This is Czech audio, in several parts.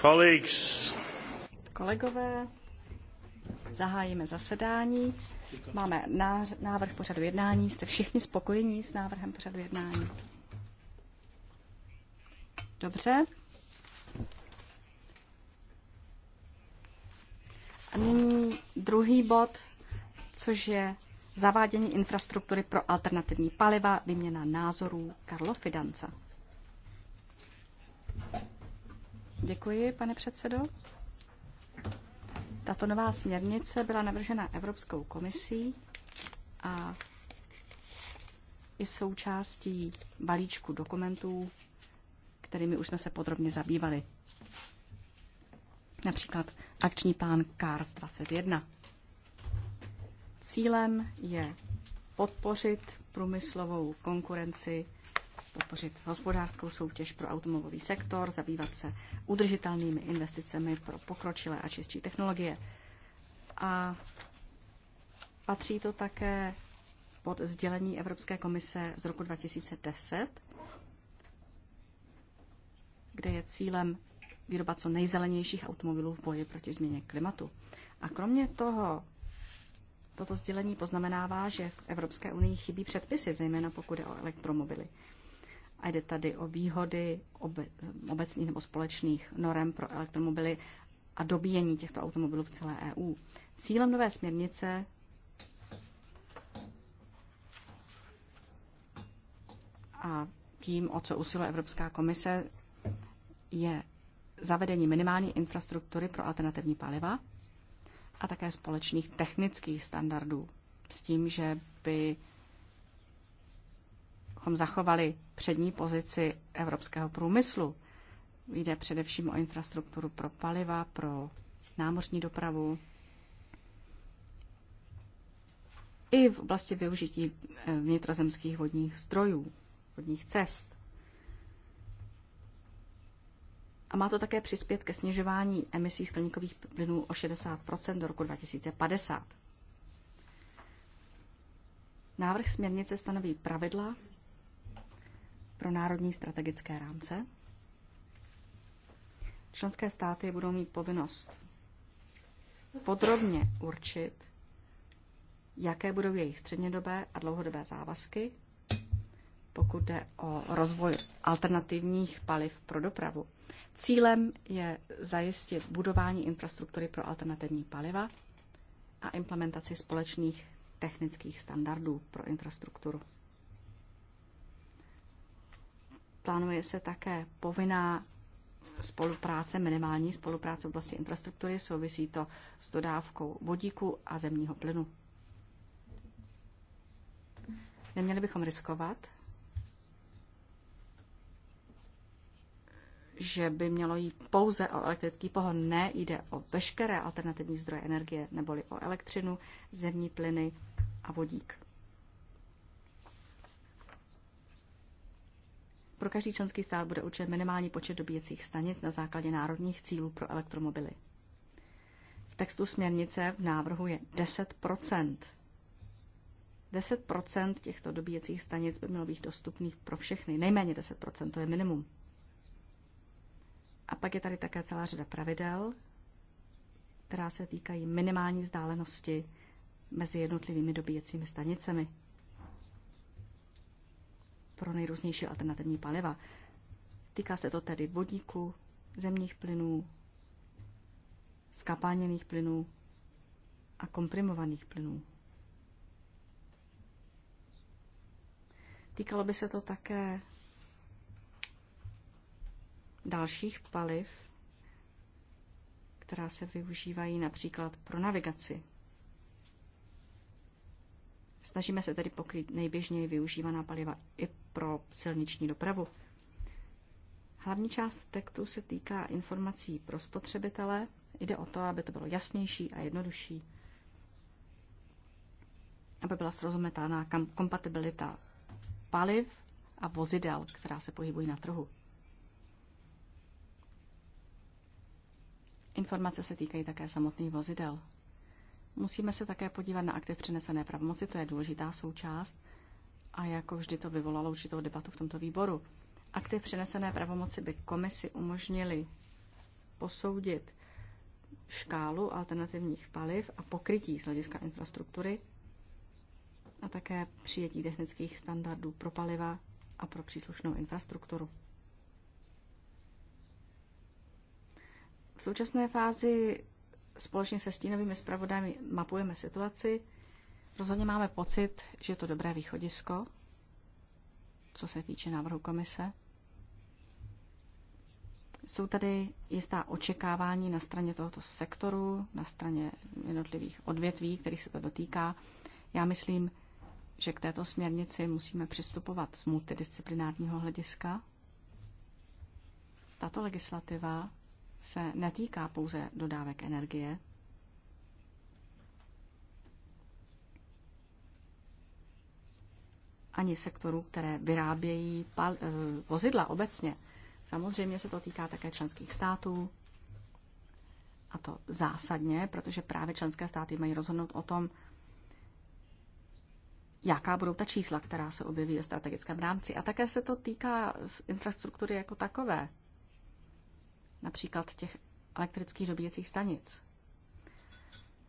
Colleagues. Kolegové, zahájíme zasedání. Máme návrh pořadu jednání. Jste všichni spokojení s návrhem pořadu jednání? Dobře. A nyní druhý bod, což je zavádění infrastruktury pro alternativní paliva, výměna názorů Karlo Fidanca. Děkuji, pane předsedo. Tato nová směrnice byla navržena Evropskou komisí a i součástí balíčku dokumentů, kterými už jsme se podrobně zabývali. Například akční plán CARS 21. Cílem je podpořit průmyslovou konkurenci podpořit hospodářskou soutěž pro automobilový sektor, zabývat se udržitelnými investicemi pro pokročilé a čistší technologie. A patří to také pod sdělení Evropské komise z roku 2010, kde je cílem výroba co nejzelenějších automobilů v boji proti změně klimatu. A kromě toho Toto sdělení poznamenává, že v Evropské unii chybí předpisy, zejména pokud je o elektromobily. A jde tady o výhody obecných nebo společných norem pro elektromobily a dobíjení těchto automobilů v celé EU. Cílem nové směrnice a tím, o co usiluje Evropská komise, je zavedení minimální infrastruktury pro alternativní paliva a také společných technických standardů s tím, že by abychom zachovali přední pozici evropského průmyslu. Jde především o infrastrukturu pro paliva, pro námořní dopravu. I v oblasti využití eh, vnitrozemských vodních zdrojů, vodních cest. A má to také přispět ke snižování emisí skleníkových plynů o 60 do roku 2050. Návrh směrnice stanoví pravidla pro národní strategické rámce. Členské státy budou mít povinnost podrobně určit, jaké budou jejich střednědobé a dlouhodobé závazky, pokud jde o rozvoj alternativních paliv pro dopravu. Cílem je zajistit budování infrastruktury pro alternativní paliva a implementaci společných technických standardů pro infrastrukturu. plánuje se také povinná spolupráce, minimální spolupráce v oblasti infrastruktury, souvisí to s dodávkou vodíku a zemního plynu. Neměli bychom riskovat, že by mělo jít pouze o elektrický pohon. Ne, jde o veškeré alternativní zdroje energie, neboli o elektřinu, zemní plyny a vodík. Pro každý členský stát bude určen minimální počet dobíjecích stanic na základě národních cílů pro elektromobily. V textu směrnice v návrhu je 10 10 těchto dobíjecích stanic by mělo být dostupných pro všechny. Nejméně 10 to je minimum. A pak je tady také celá řada pravidel, která se týkají minimální vzdálenosti mezi jednotlivými dobíjecími stanicemi pro nejrůznější alternativní paliva. Týká se to tedy vodíku, zemních plynů, skapáněných plynů a komprimovaných plynů. Týkalo by se to také dalších paliv, která se využívají například pro navigaci. Snažíme se tedy pokrýt nejběžněji využívaná paliva i pro silniční dopravu. Hlavní část textu se týká informací pro spotřebitele. Jde o to, aby to bylo jasnější a jednodušší, aby byla srozumitelná kompatibilita paliv a vozidel, která se pohybují na trhu. Informace se týkají také samotných vozidel. Musíme se také podívat na aktiv přenesené pravomoci, to je důležitá součást, a jako vždy to vyvolalo určitou debatu v tomto výboru. Akty přenesené pravomoci by komisi umožnili posoudit škálu alternativních paliv a pokrytí z hlediska infrastruktury a také přijetí technických standardů pro paliva a pro příslušnou infrastrukturu. V současné fázi společně se stínovými zpravodami mapujeme situaci Rozhodně máme pocit, že je to dobré východisko, co se týče návrhu komise. Jsou tady jistá očekávání na straně tohoto sektoru, na straně jednotlivých odvětví, kterých se to dotýká. Já myslím, že k této směrnici musíme přistupovat z multidisciplinárního hlediska. Tato legislativa se netýká pouze dodávek energie, ani sektorů, které vyrábějí pal- eh, vozidla obecně. Samozřejmě se to týká také členských států, a to zásadně, protože právě členské státy mají rozhodnout o tom, jaká budou ta čísla, která se objeví ve strategickém rámci. A také se to týká infrastruktury jako takové, například těch elektrických dobíjecích stanic.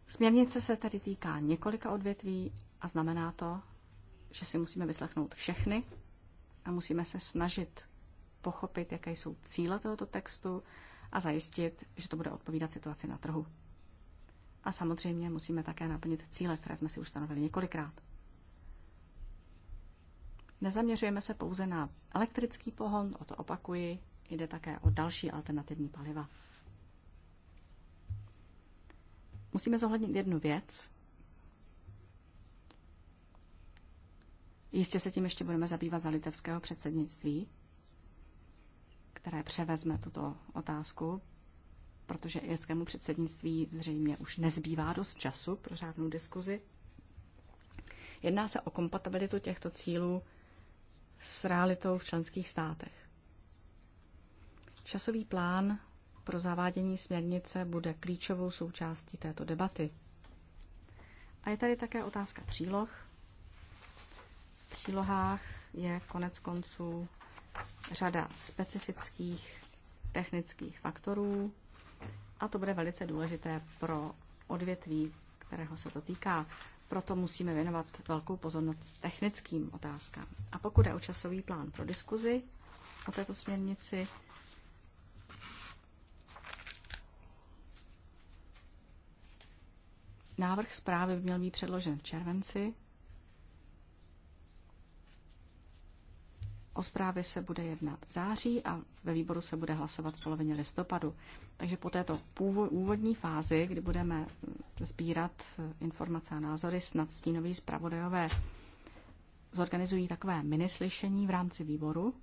Směrnice se tedy týká několika odvětví a znamená to, že si musíme vyslechnout všechny a musíme se snažit pochopit, jaké jsou cíle tohoto textu a zajistit, že to bude odpovídat situaci na trhu. A samozřejmě musíme také naplnit cíle, které jsme si už stanovili několikrát. Nezaměřujeme se pouze na elektrický pohon, o to opakuji, jde také o další alternativní paliva. Musíme zohlednit jednu věc, Jistě se tím ještě budeme zabývat za litevského předsednictví, které převezme tuto otázku, protože irskému předsednictví zřejmě už nezbývá dost času pro řádnou diskuzi. Jedná se o kompatibilitu těchto cílů s realitou v členských státech. Časový plán pro zavádění směrnice bude klíčovou součástí této debaty. A je tady také otázka příloh, přílohách je konec konců řada specifických technických faktorů a to bude velice důležité pro odvětví, kterého se to týká. Proto musíme věnovat velkou pozornost technickým otázkám. A pokud je o časový plán pro diskuzi o této směrnici, návrh zprávy by měl být předložen v červenci O zprávě se bude jednat v září a ve výboru se bude hlasovat v polovině listopadu. Takže po této úvodní fázi, kdy budeme mm, sbírat eh, informace a názory, snad stínoví zpravodajové zorganizují takové minislyšení v rámci výboru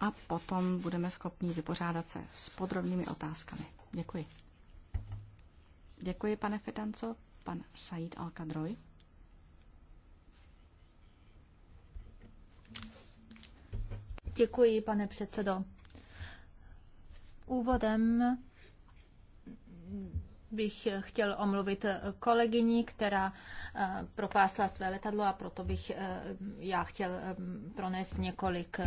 a potom budeme schopni vypořádat se s podrobnými otázkami. Děkuji. Děkuji, pane Fitanco. Pan Said Alkadroj. Děkuji, pane předsedo. Úvodem bych chtěl omluvit kolegyni, která eh, propásla své letadlo a proto bych eh, já chtěl eh, pronést několik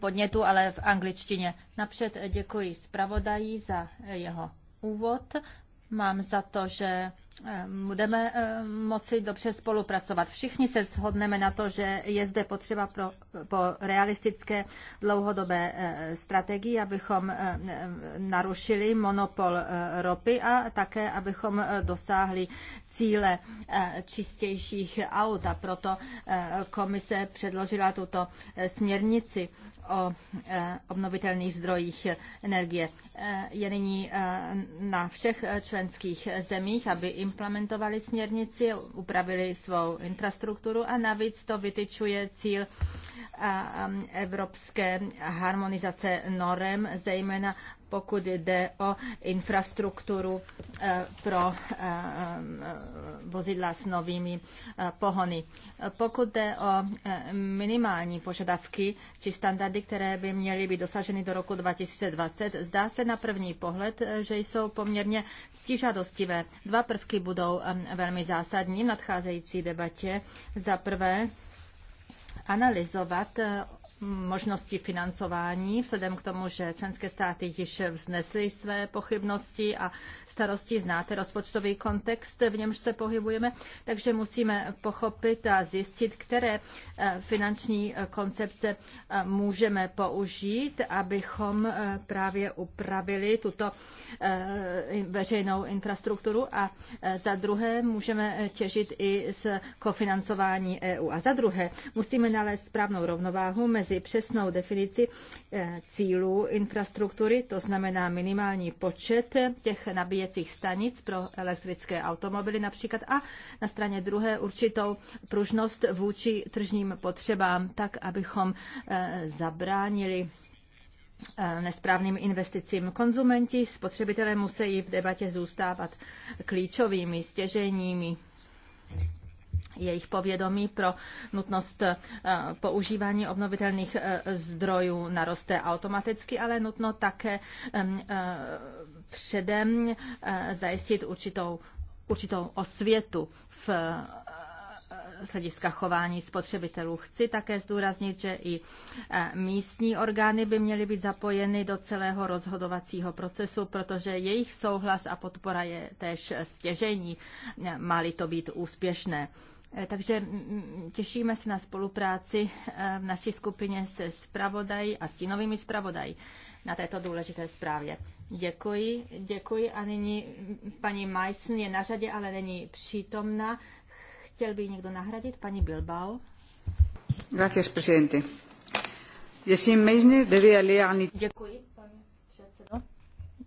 podnětů, ale v angličtině. Napřed děkuji zpravodaji za jeho úvod. Mám za to, že Ehm, budeme ehm, moci dobře spolupracovat. Všichni se shodneme na to, že je zde potřeba pro, po realistické dlouhodobé eh, strategii, abychom ehm, narušili monopol eh, ropy a také, abychom eh, dosáhli cíle čistějších aut a proto komise předložila tuto směrnici o obnovitelných zdrojích energie. Je nyní na všech členských zemích, aby i implementovali směrnici, upravili svou infrastrukturu a navíc to vytyčuje cíl evropské harmonizace norem, zejména pokud jde o infrastrukturu eh, pro eh, eh, vozidla s novými pohony. Pokud jde o minimální požadavky či standardy, které by měly být dosaženy do roku 2020, zdá se na první pohled, že jsou poměrně stižadostivé. Dva prvky budou velmi zásadní v nadcházející debatě. Za prvé, analyzovat eh, možnosti financování, vzhledem k tomu, že členské státy již vznesly své pochybnosti a starosti, znáte rozpočtový kontext, v němž se pohybujeme, takže musíme pochopit a zjistit, které eh, finanční eh, koncepce můžeme použít, abychom právě upravili tuto veřejnou infrastrukturu a za druhé můžeme těžit i z kofinancování EU. A za druhé musíme nalézt správnou rovnováhu mezi přesnou definici eh, cílů infrastruktury, to znamená minimální počet těch nabíjecích stanic pro elektrické automobily například a na straně druhé určitou pružnost vůči tržním potřebám, tak abychom eh, zabránili eh, nesprávným investicím. Konzumenti, spotřebitelé musí v debatě zůstávat klíčovými, stěžejními jejich povědomí pro nutnost eh, používání obnovitelných eh, zdrojů naroste automaticky, ale nutno také eh, předem zajistit určitou, určitou osvětu v z hlediska chování spotřebitelů. Chci také zdůraznit, že i místní orgány by měly být zapojeny do celého rozhodovacího procesu, protože jejich souhlas a podpora je též stěžení, má to být úspěšné. Eh, takže mm, mm, těšíme se na spolupráci eh, v naší skupině se zpravodají a stínovými zpravodají na této důležité zprávě. Děkuji, děkuji a nyní mm, paní Meissen je na řadě, ale není přítomna. Chtěl by někdo nahradit? Paní Bilbao. Gracias, presidente. Jesím Meisner, devia Děkuji, pane předsedo.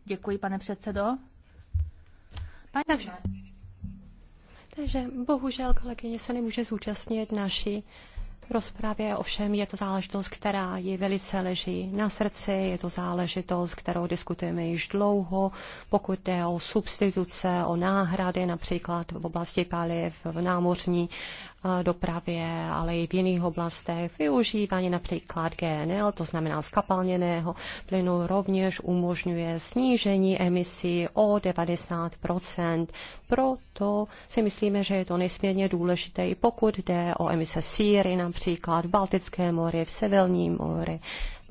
Děkuji, pane předsedo. Paní Takže. Takže bohužel kolegyně se nemůže zúčastnit naší rozprávě. ovšem je to záležitost, která ji velice leží na srdci, je to záležitost, kterou diskutujeme již dlouho, pokud jde o substituce, o náhrady, například v oblasti paliv, v námořní Eh, dopravě, ale i v jiných oblastech. Využívání například GNL, to znamená skapalněného plynu, rovněž umožňuje snížení emisí o 90 Proto si myslíme, že je to nesmírně důležité, i pokud jde o emise síry například v Baltické moři, v Severním moři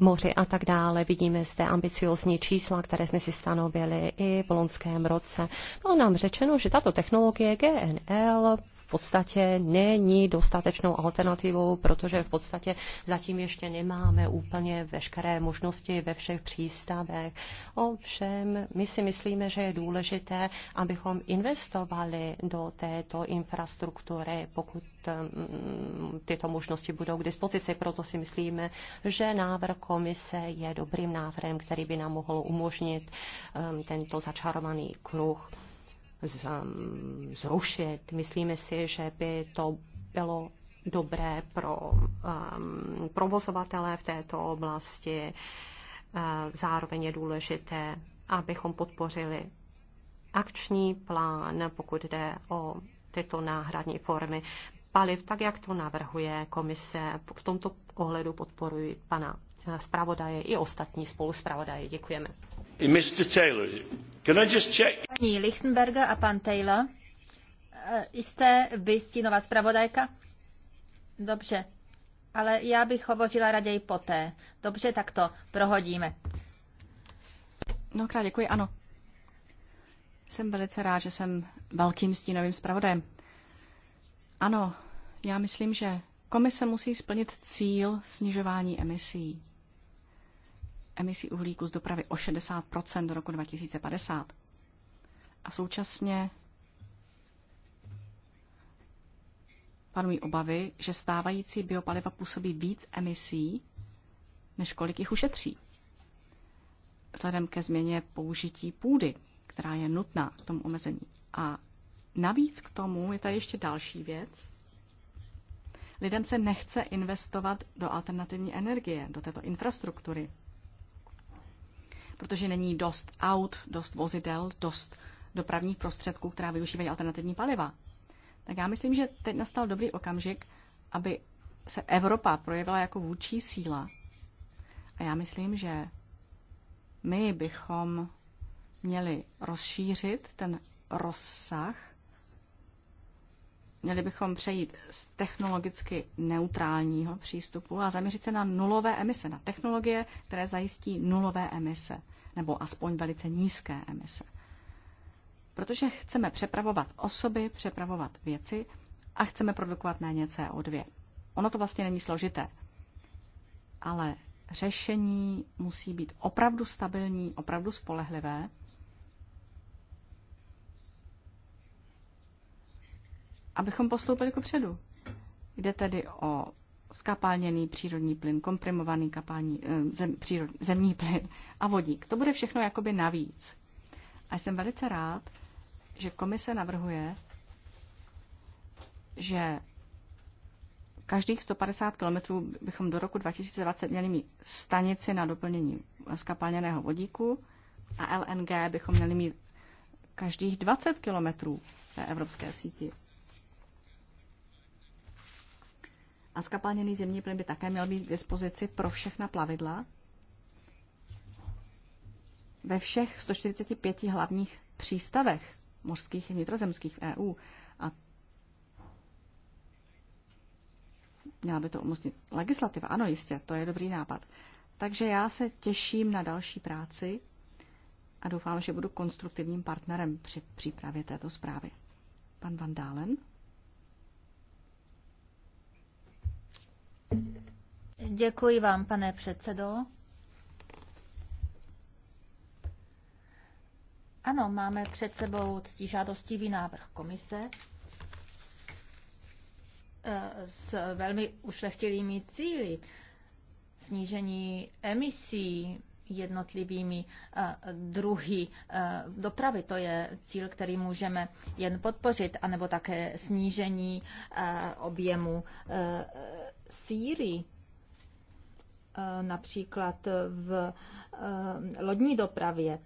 moři a tak dále. Vidíme zde ambiciozní čísla, které jsme si stanovili i v loňském roce. Bylo no nám řečeno, že tato technologie GNL v podstatě není dostatečnou alternativou, protože v podstatě zatím ještě nemáme úplně veškeré možnosti ve všech přístavech. Ovšem, my si myslíme, že je důležité, abychom investovali do této infrastruktury, pokud Mm, tyto možnosti budou k dispozici. Proto si myslíme, že návrh komise je dobrým návrhem, který by nám mohl umožnit um, tento začarovaný kruh um, zrušit. Myslíme si, že by to bylo dobré pro um, provozovatele v této oblasti. Uh, zároveň je důležité, abychom podpořili akční plán, pokud jde o tyto náhradní formy paliv, tak jak to navrhuje komise. V tomto ohledu podporuji pana zpravodaje i ostatní spoluzpravodaje. Děkujeme. Mr. Taylor, can I just check? Paní Lichtenberger a pan Taylor, eh, jste vy stínová zpravodajka? Dobře, ale já bych hovořila raději poté. Dobře, tak to prohodíme. No krát děkuji, ano. Jsem velice rád, že jsem velkým stínovým zpravodajem. Ano, já myslím, že komise musí splnit cíl snižování emisí. Emisí uhlíku z dopravy o 60 do roku 2050. A současně panují obavy, že stávající biopaliva působí víc emisí, než kolik jich ušetří. Vzhledem ke změně použití půdy, která je nutná k tomu omezení. A Navíc k tomu je tady ještě další věc. Lidem se nechce investovat do alternativní energie, do této infrastruktury, protože není dost aut, dost vozidel, dost dopravních prostředků, která využívají alternativní paliva. Tak já myslím, že teď nastal dobrý okamžik, aby se Evropa projevila jako vůdčí síla. A já myslím, že my bychom měli rozšířit ten rozsah Měli bychom přejít z technologicky neutrálního přístupu a zaměřit se na nulové emise, na technologie, které zajistí nulové emise, nebo aspoň velice nízké emise. Protože chceme přepravovat osoby, přepravovat věci a chceme produkovat méně CO2. Ono to vlastně není složité, ale řešení musí být opravdu stabilní, opravdu spolehlivé abychom postoupili ku předu. Jde tedy o skapálněný přírodní plyn, komprimovaný kapální, eh, zem, přírod, zemní plyn a vodík. To bude všechno jakoby navíc. A jsem velice rád, že komise navrhuje, že každých 150 km bychom do roku 2020 měli mít stanici na doplnění skapalněného vodíku a LNG bychom měli mít každých 20 kilometrů té evropské síti. A skapalněný zemní plyn by také měl být k dispozici pro všechna plavidla ve všech 145 hlavních přístavech mořských i vnitrozemských EU. A měla by to umožnit legislativa. Ano, jistě, to je dobrý nápad. Takže já se těším na další práci a doufám, že budu konstruktivním partnerem při přípravě této zprávy. Pan Van Dalen. Děkuji vám, pane předsedo. Ano, máme před sebou žádostivý návrh komise e, s velmi ušlechtilými cíly snížení emisí jednotlivými e, druhy e, dopravy. To je cíl, který můžeme jen podpořit, anebo také snížení objemu Sýrii, eh, například v eh, lodní dopravě.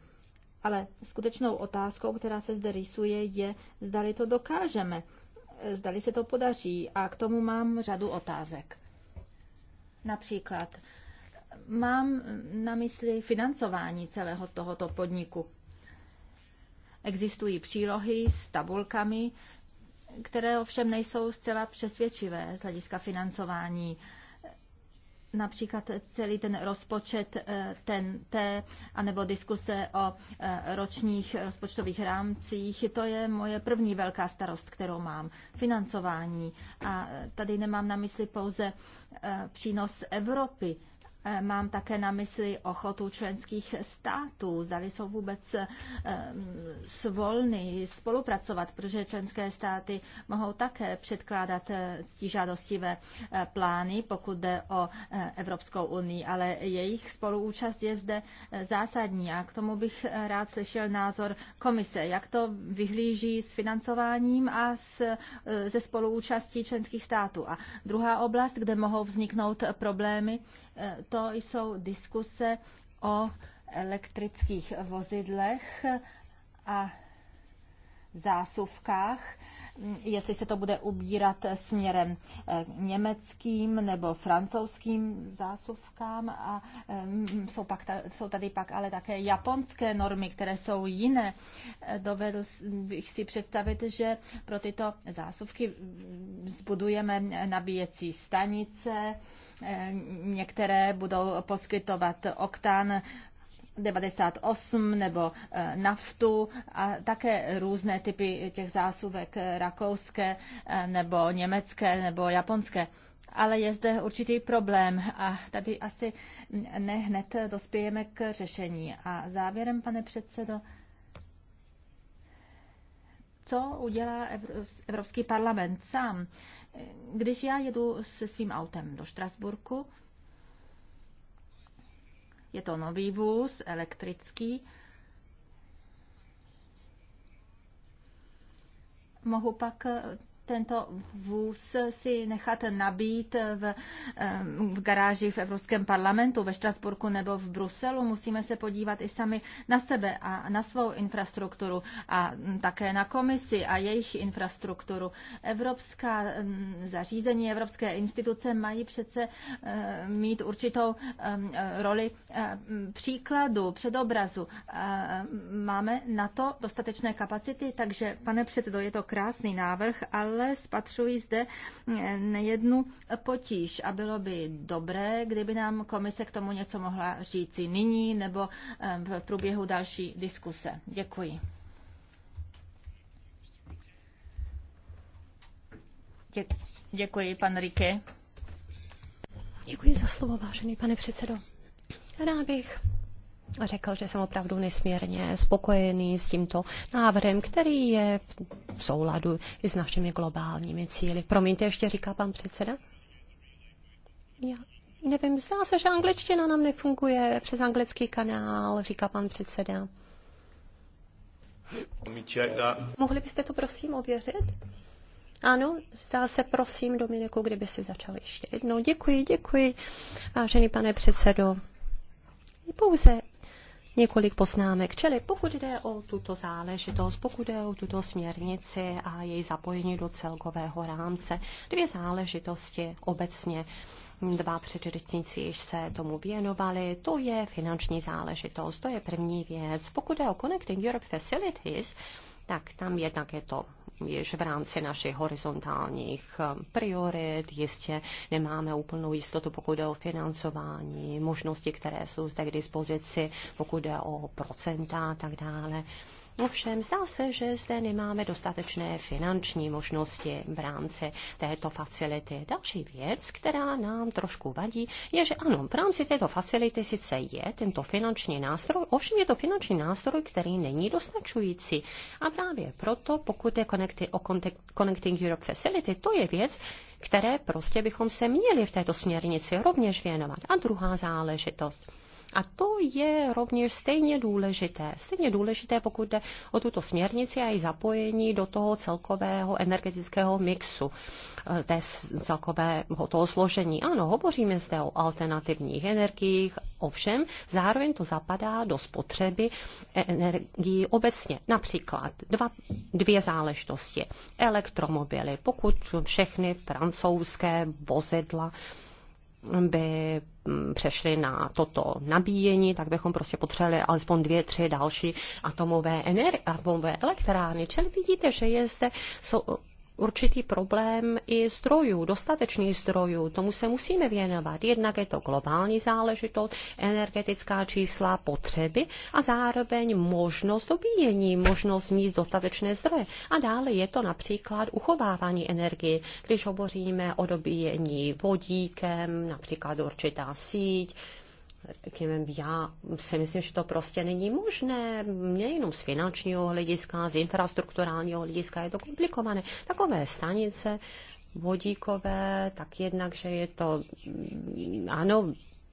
Ale skutečnou otázkou, která se zde rysuje, je, zdali to dokážeme, zdali se to podaří. A k tomu mám řadu otázek. Například, mám na mysli financování celého tohoto podniku. Existují přílohy s tabulkami, které ovšem nejsou zcela přesvědčivé z hlediska financování například celý ten rozpočet eh, ten, TNT, anebo diskuse o eh, ročních rozpočtových rámcích. To je moje první velká starost, kterou mám. Financování. A eh, tady nemám na mysli pouze přínos Evropy, Eh, mám také na mysli ochotu členských států, zdali jsou vůbec eh, svolny spolupracovat, protože členské státy mohou také předkládat eh, stížadostivé plány, pokud jde o Evropskou unii, ale jejich spoluúčast je zde zásadní a k tomu bych rád slyšel názor komise, jak to vyhlíží s financováním a s, ze spoluúčastí členských států. A druhá oblast, kde mohou vzniknout problémy, to jsou diskuse o elektrických vozidlech a zásuvkách, mm, jestli se to bude ubírat směrem eh, německým nebo francouzským zásuvkám a mm, jsou, pak, jsou tady pak ale také japonské normy, které jsou jiné. Eh, dovedl bych si představit, že pro tyto zásuvky mm, zbudujeme nabíjecí stanice, eh, některé budou poskytovat oktán 98 nebo eh, naftu a také různé typy těch zásuvek eh, rakouské eh, nebo německé nebo japonské. Ale je zde určitý problém a tady asi ne hned dospějeme k řešení. A závěrem, pane předsedo, co udělá Evropský parlament sám? Když já jedu se svým autem do Štrasburku, je to nový vůz, elektrický. Mohu pak tento vůz si nechat nabít v, v garáži v Evropském parlamentu, ve Štrasburku nebo v Bruselu. Musíme se podívat i sami na sebe a na svou infrastrukturu a také na komisi a jejich infrastrukturu. Evropská zařízení, evropské instituce mají přece mít určitou roli příkladu, předobrazu. Máme na to dostatečné kapacity, takže pane předsedo, je to krásný návrh, ale ale spatřuji zde nejednu potíž a bylo by dobré, kdyby nám komise k tomu něco mohla říci nyní nebo eh, v průběhu další diskuse. Děkuji. Děkuji, pan Rike. Děkuji za slovo, vážený pane předsedo. Rád bych řekl, že jsem opravdu nesmírně spokojený s tímto návrhem, který je v souladu i s našimi globálními cíly. Promiňte, ještě říká pan předseda. Já nevím, zdá se, že angličtina nám nefunguje přes anglický kanál, říká pan předseda. Mohli byste to prosím ověřit? Ano, zdá se, prosím, Dominiku, kdyby si začal ještě jednou. Děkuji, děkuji, vážený pane předsedo. Pouze několik poznámek. Čili pokud jde o tuto záležitost, pokud jde o tuto směrnici a její zapojení do celkového rámce, dvě záležitosti obecně dva předřečníci již se tomu věnovali. To je finanční záležitost, to je první věc. Pokud je o Connecting Europe Facilities, tak tam jednak je to již v rámci našich horizontálních eh, priorit. Jistě nemáme úplnou jistotu, pokud jde o financování, možnosti, které jsou zde k dispozici, pokud jde o procenta a tak dále. Ovšem, zdá se, že zde nemáme dostatečné finanční možnosti v rámci této facility. Další věc, která nám trošku vadí, je, že ano, v rámci této facility sice je tento finanční nástroj, ovšem je to finanční nástroj, který není dostačující. A právě proto, pokud je connecti- o Connect- Connecting Europe Facility, to je věc, které prostě bychom se měli v této směrnici rovněž věnovat. A druhá záležitost. A to je rovněž stejně důležité. Stejně důležité, pokud jde o tuto směrnici a její zapojení do toho celkového energetického mixu, eh, té celkového toho složení. Ano, hovoříme zde o alternativních energiích, ovšem zároveň to zapadá do spotřeby e-, energií obecně. Například dva, dvě záležitosti. Elektromobily, pokud všechny francouzské vozidla, by mm, přešli na toto nabíjení, tak bychom prostě potřebovali alespoň dvě, tři další atomové, energi- atomové elektrárny. Čili vidíte, že je zde, jsou, určitý problém i zdrojů, dostatečných zdrojů. Tomu se musíme věnovat. Jednak je to globální záležitost, energetická čísla, potřeby a zároveň možnost dobíjení, možnost mít dostatečné zdroje. A dále je to například uchovávání energie. Když hovoříme o dobíjení vodíkem, například určitá síť, řekněme, já si myslím, že to prostě není možné, nejenom z finančního hlediska, z infrastrukturálního hlediska, je to komplikované. Takové stanice vodíkové, tak jednak, že je to, ano,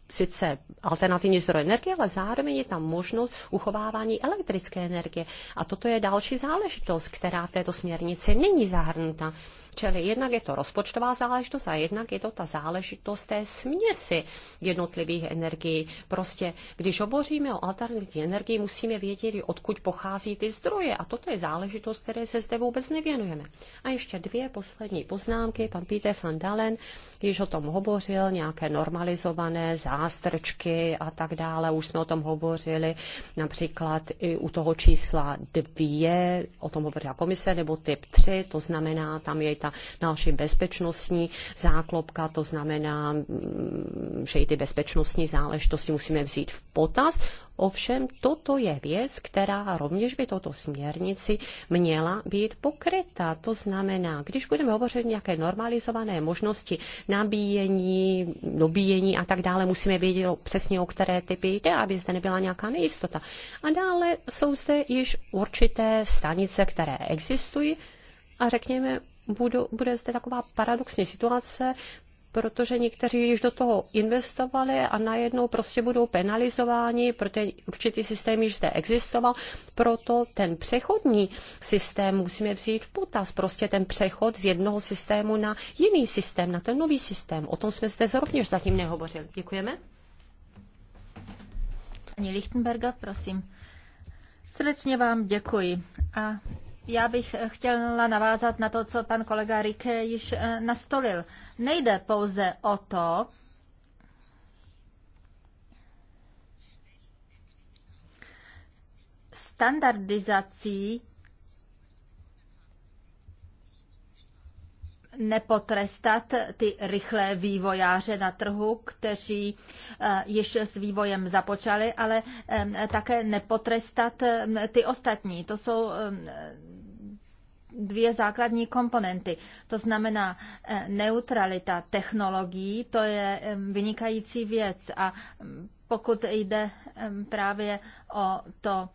sice alternativní zdroj energie, ale zároveň je tam možnost uchovávání elektrické energie. A toto je další záležitost, která v této směrnici není zahrnuta. Čili jednak je to rozpočtová záležitost a jednak je to ta záležitost té směsi jednotlivých energií. Prostě, když hovoříme o alternativní energii, musíme vědět, odkud pochází ty zdroje. A toto je záležitost, které se zde vůbec nevěnujeme. A ještě dvě poslední poznámky. Pan Peter van Dalen když o tom hovořil, nějaké normalizované zástrčky a tak dále. Už jsme o tom hovořili například i u toho čísla dvě, o tom hovořila komise, nebo typ tři. to znamená, tam je ta další bezpečnostní záklopka, to znamená, mm, že i ty bezpečnostní záležitosti musíme vzít v potaz. Ovšem, toto je věc, která rovněž by toto směrnici měla být pokryta. To znamená, když budeme hovořit o nějaké normalizované možnosti nabíjení, dobíjení a tak dále, musíme vědět přesně, o které typy jde, aby zde nebyla nějaká nejistota. A dále jsou zde již určité stanice, které existují, a řekněme, budu, bude zde taková paradoxní situace, protože někteří již do toho investovali a najednou prostě budou penalizováni, protože určitý systém již zde existoval, proto ten přechodní systém musíme vzít v potaz, prostě ten přechod z jednoho systému na jiný systém, na ten nový systém. O tom jsme zde rovněž zatím nehovořili. Děkujeme. Pani Lichtenberga, prosím. Srdečně vám děkuji a já bych chtěla navázat na to, co pan kolega Rike již eh, nastolil. Nejde pouze o to, standardizací nepotrestat ty rychlé vývojáře na trhu, kteří eh, již s vývojem započali, ale eh, také nepotrestat hm, ty ostatní. To jsou hm, dvě základní komponenty. To znamená eh, neutralita technologií, to je hm, vynikající věc a pokud jde právě o to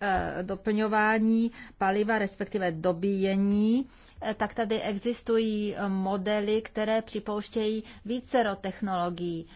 Eh, doplňování paliva, respektive dobíjení, eh, tak tady existují modely, které připouštějí vícero technologií,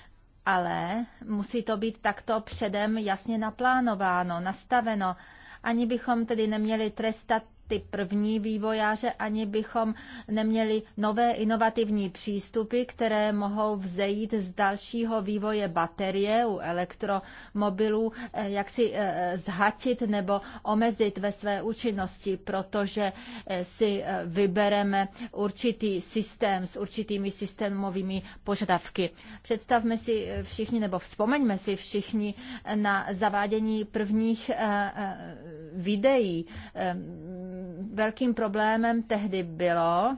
ale musí to být takto předem jasně naplánováno, nastaveno. Ani bychom tedy neměli trestat ty první vývojáře, ani bychom neměli nové inovativní přístupy, které mohou vzejít z dalšího vývoje baterie u elektromobilů, eh, jak si eh, zhatit nebo omezit ve své účinnosti, protože eh, si vybereme určitý systém s určitými systémovými požadavky. Představme si všichni, nebo vzpomeňme si všichni na zavádění prvních videí Velkým problémem tehdy bylo,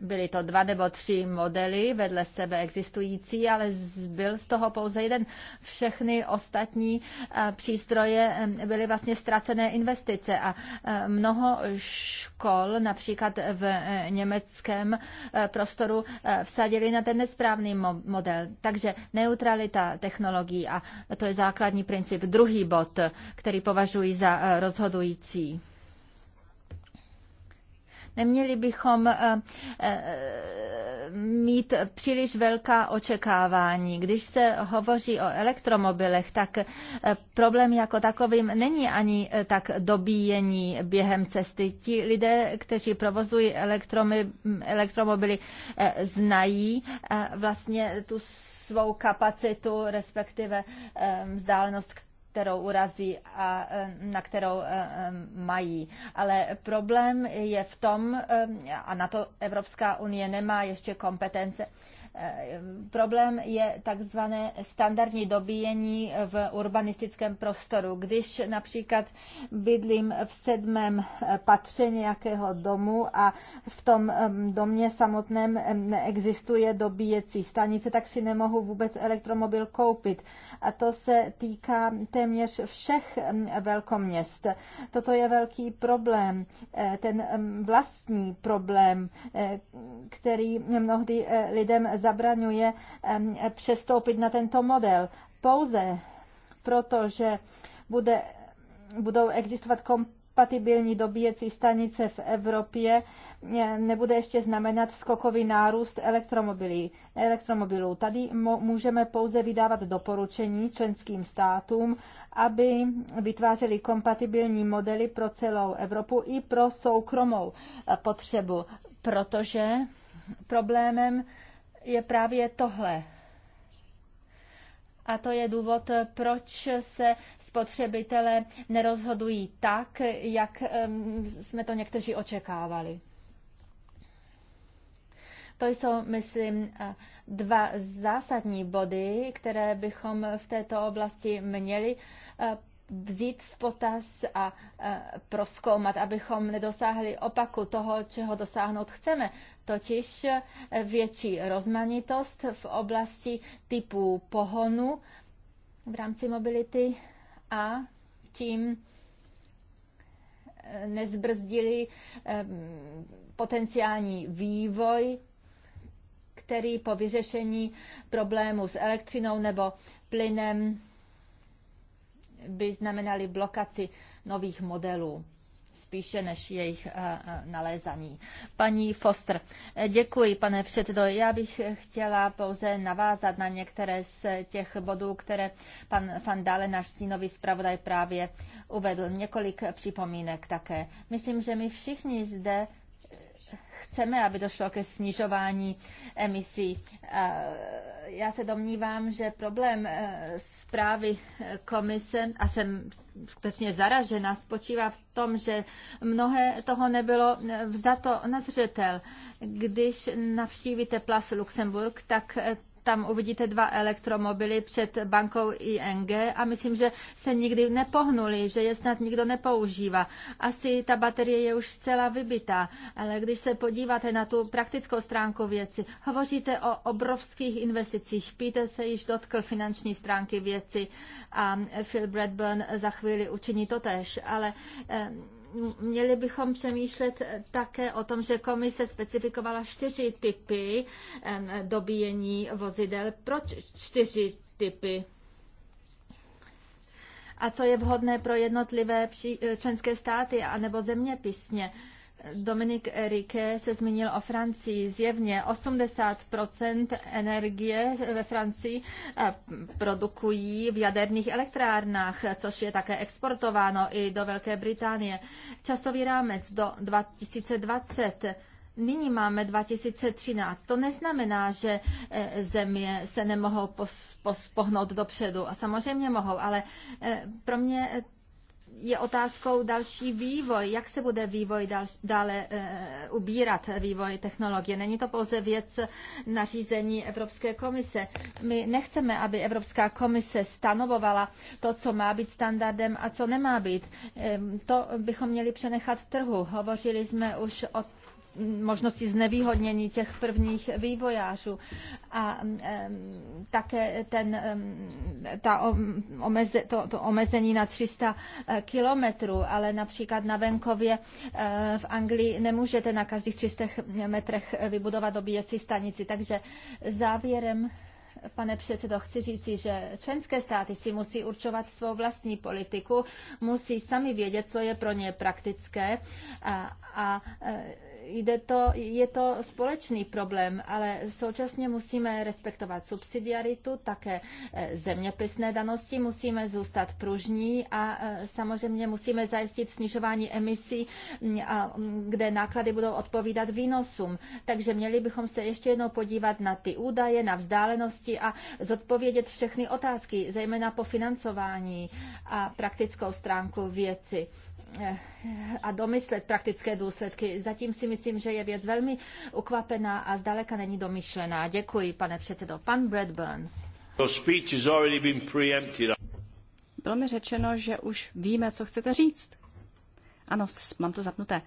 byly to dva nebo tři modely vedle sebe existující, ale byl z toho pouze jeden. Všechny ostatní eh, přístroje eh, byly vlastně ztracené investice a eh, mnoho škol, například v německém prostoru, vsadili na ten nesprávný model. Takže neutralita technologií a to je základní princip. Druhý bod, který považuji za rozhodující. Neměli bychom eh, eh, mít příliš velká očekávání. Když se hovoří o elektromobilech, tak eh, problém jako takovým není ani tak dobíjení během cesty. Ti lidé, kteří provozují elektromy, elektromobily, znají vlastně tu svou kapacitu, respektive vzdálenost, kterou urazí a e, na kterou e, e, mají. Ale problém je v tom, a na to Evropská unie nemá ještě kompetence, Eh, problém je takzvané standardní dobíjení v urbanistickém prostoru. Když například bydlím v sedmém eh, patře nějakého domu a v tom domě samotném neexistuje dobíjecí stanice, tak si nemohu vůbec elektromobil koupit. A to se týká téměř všech velkoměst. Toto je velký problém, eh, ten vlastní problém, který mnohdy lidem zabraňuje přestoupit na tento model. Pouze proto, že bude, budou existovat kompatibilní dobíjecí stanice v Evropě, nebude ještě znamenat skokový nárůst elektromobilů. Tady můžeme pouze vydávat doporučení členským státům, aby vytvářeli kompatibilní modely pro celou Evropu i pro soukromou potřebu, protože problémem je právě tohle. A to je důvod, proč se spotřebitelé nerozhodují tak, jak jsme to někteří očekávali. To jsou, myslím, eh, dva zásadní body, které bychom v této oblasti měli eh, vzít v potaz a e, proskoumat, abychom nedosáhli opaku toho, čeho dosáhnout chceme, totiž e, větší rozmanitost v oblasti typu pohonu v rámci mobility a tím e, nezbrzdili potenciální vývoj, který po vyřešení problému s elektřinou nebo plynem by znamenaly blokaci nových modelů spíše než jejich eh, eh, nalézaní. Paní Foster, eh, děkuji, pane předsedo. Já bych chtěla pouze navázat na některé z těch bodů, které pan Van Dále, náš stínový zpravodaj, právě uvedl. Několik připomínek také. Myslím, že my všichni zde chceme, aby došlo ke snižování emisí. Já se domnívám, že problém eh, zprávy eh, komise, a jsem skutečně zaražena, spočívá v tom, že mnohé toho nebylo vzato eh, na zřetel. Když navštívíte Plas Luxemburg, tak tam uvidíte dva elektromobily před bankou ING a myslím, že se nikdy nepohnuli, že je snad nikdo nepoužívá. Asi ta baterie je už zcela vybitá, ale když se podíváte na tu praktickou stránku věci, hovoříte o obrovských investicích. Píte se již dotkl finanční stránky věci a Phil Bradburn za chvíli učiní to tež, ale eh, měli bychom přemýšlet také o tom, že komise specifikovala čtyři typy dobíjení vozidel. Proč čtyři typy? A co je vhodné pro jednotlivé eh, členské státy anebo zeměpisně? Dominik Erike se zmínil o Francii. Zjevně 80 energie ve Francii eh, produkují v jaderných elektrárnách, což je také exportováno i do Velké Británie. Časový rámec do 2020 Nyní máme 2013. To neznamená, že eh, země se nemohou pohnout dopředu. A samozřejmě mohou, ale eh, pro mě je otázkou další vývoj, jak se bude vývoj dal, dále e, ubírat, vývoj technologie. Není to pouze věc nařízení Evropské komise. My nechceme, aby Evropská komise stanovovala to, co má být standardem a co nemá být. E, to bychom měli přenechat trhu. Hovořili jsme už o možnosti znevýhodnění těch prvních vývojářů. A také ten, ta omeze, to, to omezení na 300 eh, kilometrů, ale například na venkově eh, v Anglii nemůžete na každých 300 metrech vybudovat dobíjecí stanici. Takže závěrem pane předsedo, chci říci, že členské státy si musí určovat svou vlastní politiku, musí sami vědět, co je pro ně praktické a, a jde to, je to společný problém, ale současně musíme respektovat subsidiaritu, také e, zeměpisné danosti, musíme zůstat pružní a e, samozřejmě musíme zajistit snižování emisí, kde náklady budou odpovídat výnosům. Takže měli bychom se ještě jednou podívat na ty údaje, na vzdálenosti a zodpovědět všechny otázky, zejména po financování a praktickou stránku věci a domyslet praktické důsledky. Zatím si myslím, že je věc velmi ukvapená a zdaleka není domyšlená. Děkuji, pane předsedo. Pan Bradburn. Bylo mi řečeno, že už víme, co chcete říct. Ano, mám to zapnuté.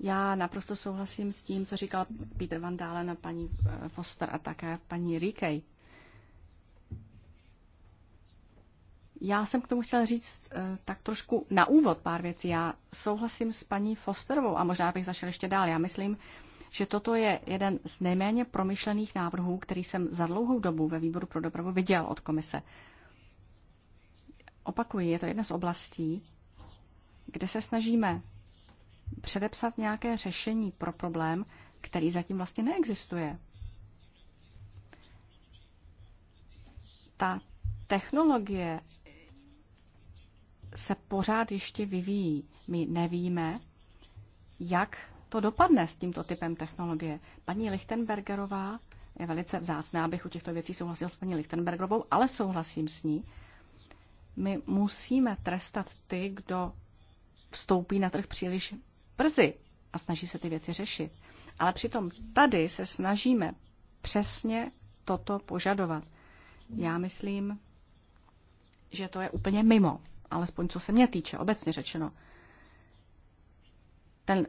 Já naprosto souhlasím s tím, co říkal Peter Van Dalen a paní eh, Foster a také paní Rikej. Já jsem k tomu chtěla říct eh, tak trošku na úvod pár věcí. Já souhlasím s paní Fosterovou a možná bych zašel ještě dál. Já myslím, že toto je jeden z nejméně promyšlených návrhů, který jsem za dlouhou dobu ve výboru pro dopravu viděl od komise. Opakuji, je to jedna z oblastí, kde se snažíme předepsat nějaké řešení pro problém, který zatím vlastně neexistuje. Ta technologie se pořád ještě vyvíjí. My nevíme, jak to dopadne s tímto typem technologie. Paní Lichtenbergerová je velice vzácná, abych u těchto věcí souhlasil s paní Lichtenbergerovou, ale souhlasím s ní. My musíme trestat ty, kdo vstoupí na trh příliš brzy a snaží se ty věci řešit. Ale přitom tady se snažíme přesně toto požadovat. Já myslím, že to je úplně mimo alespoň co se mě týče, obecně řečeno. Ten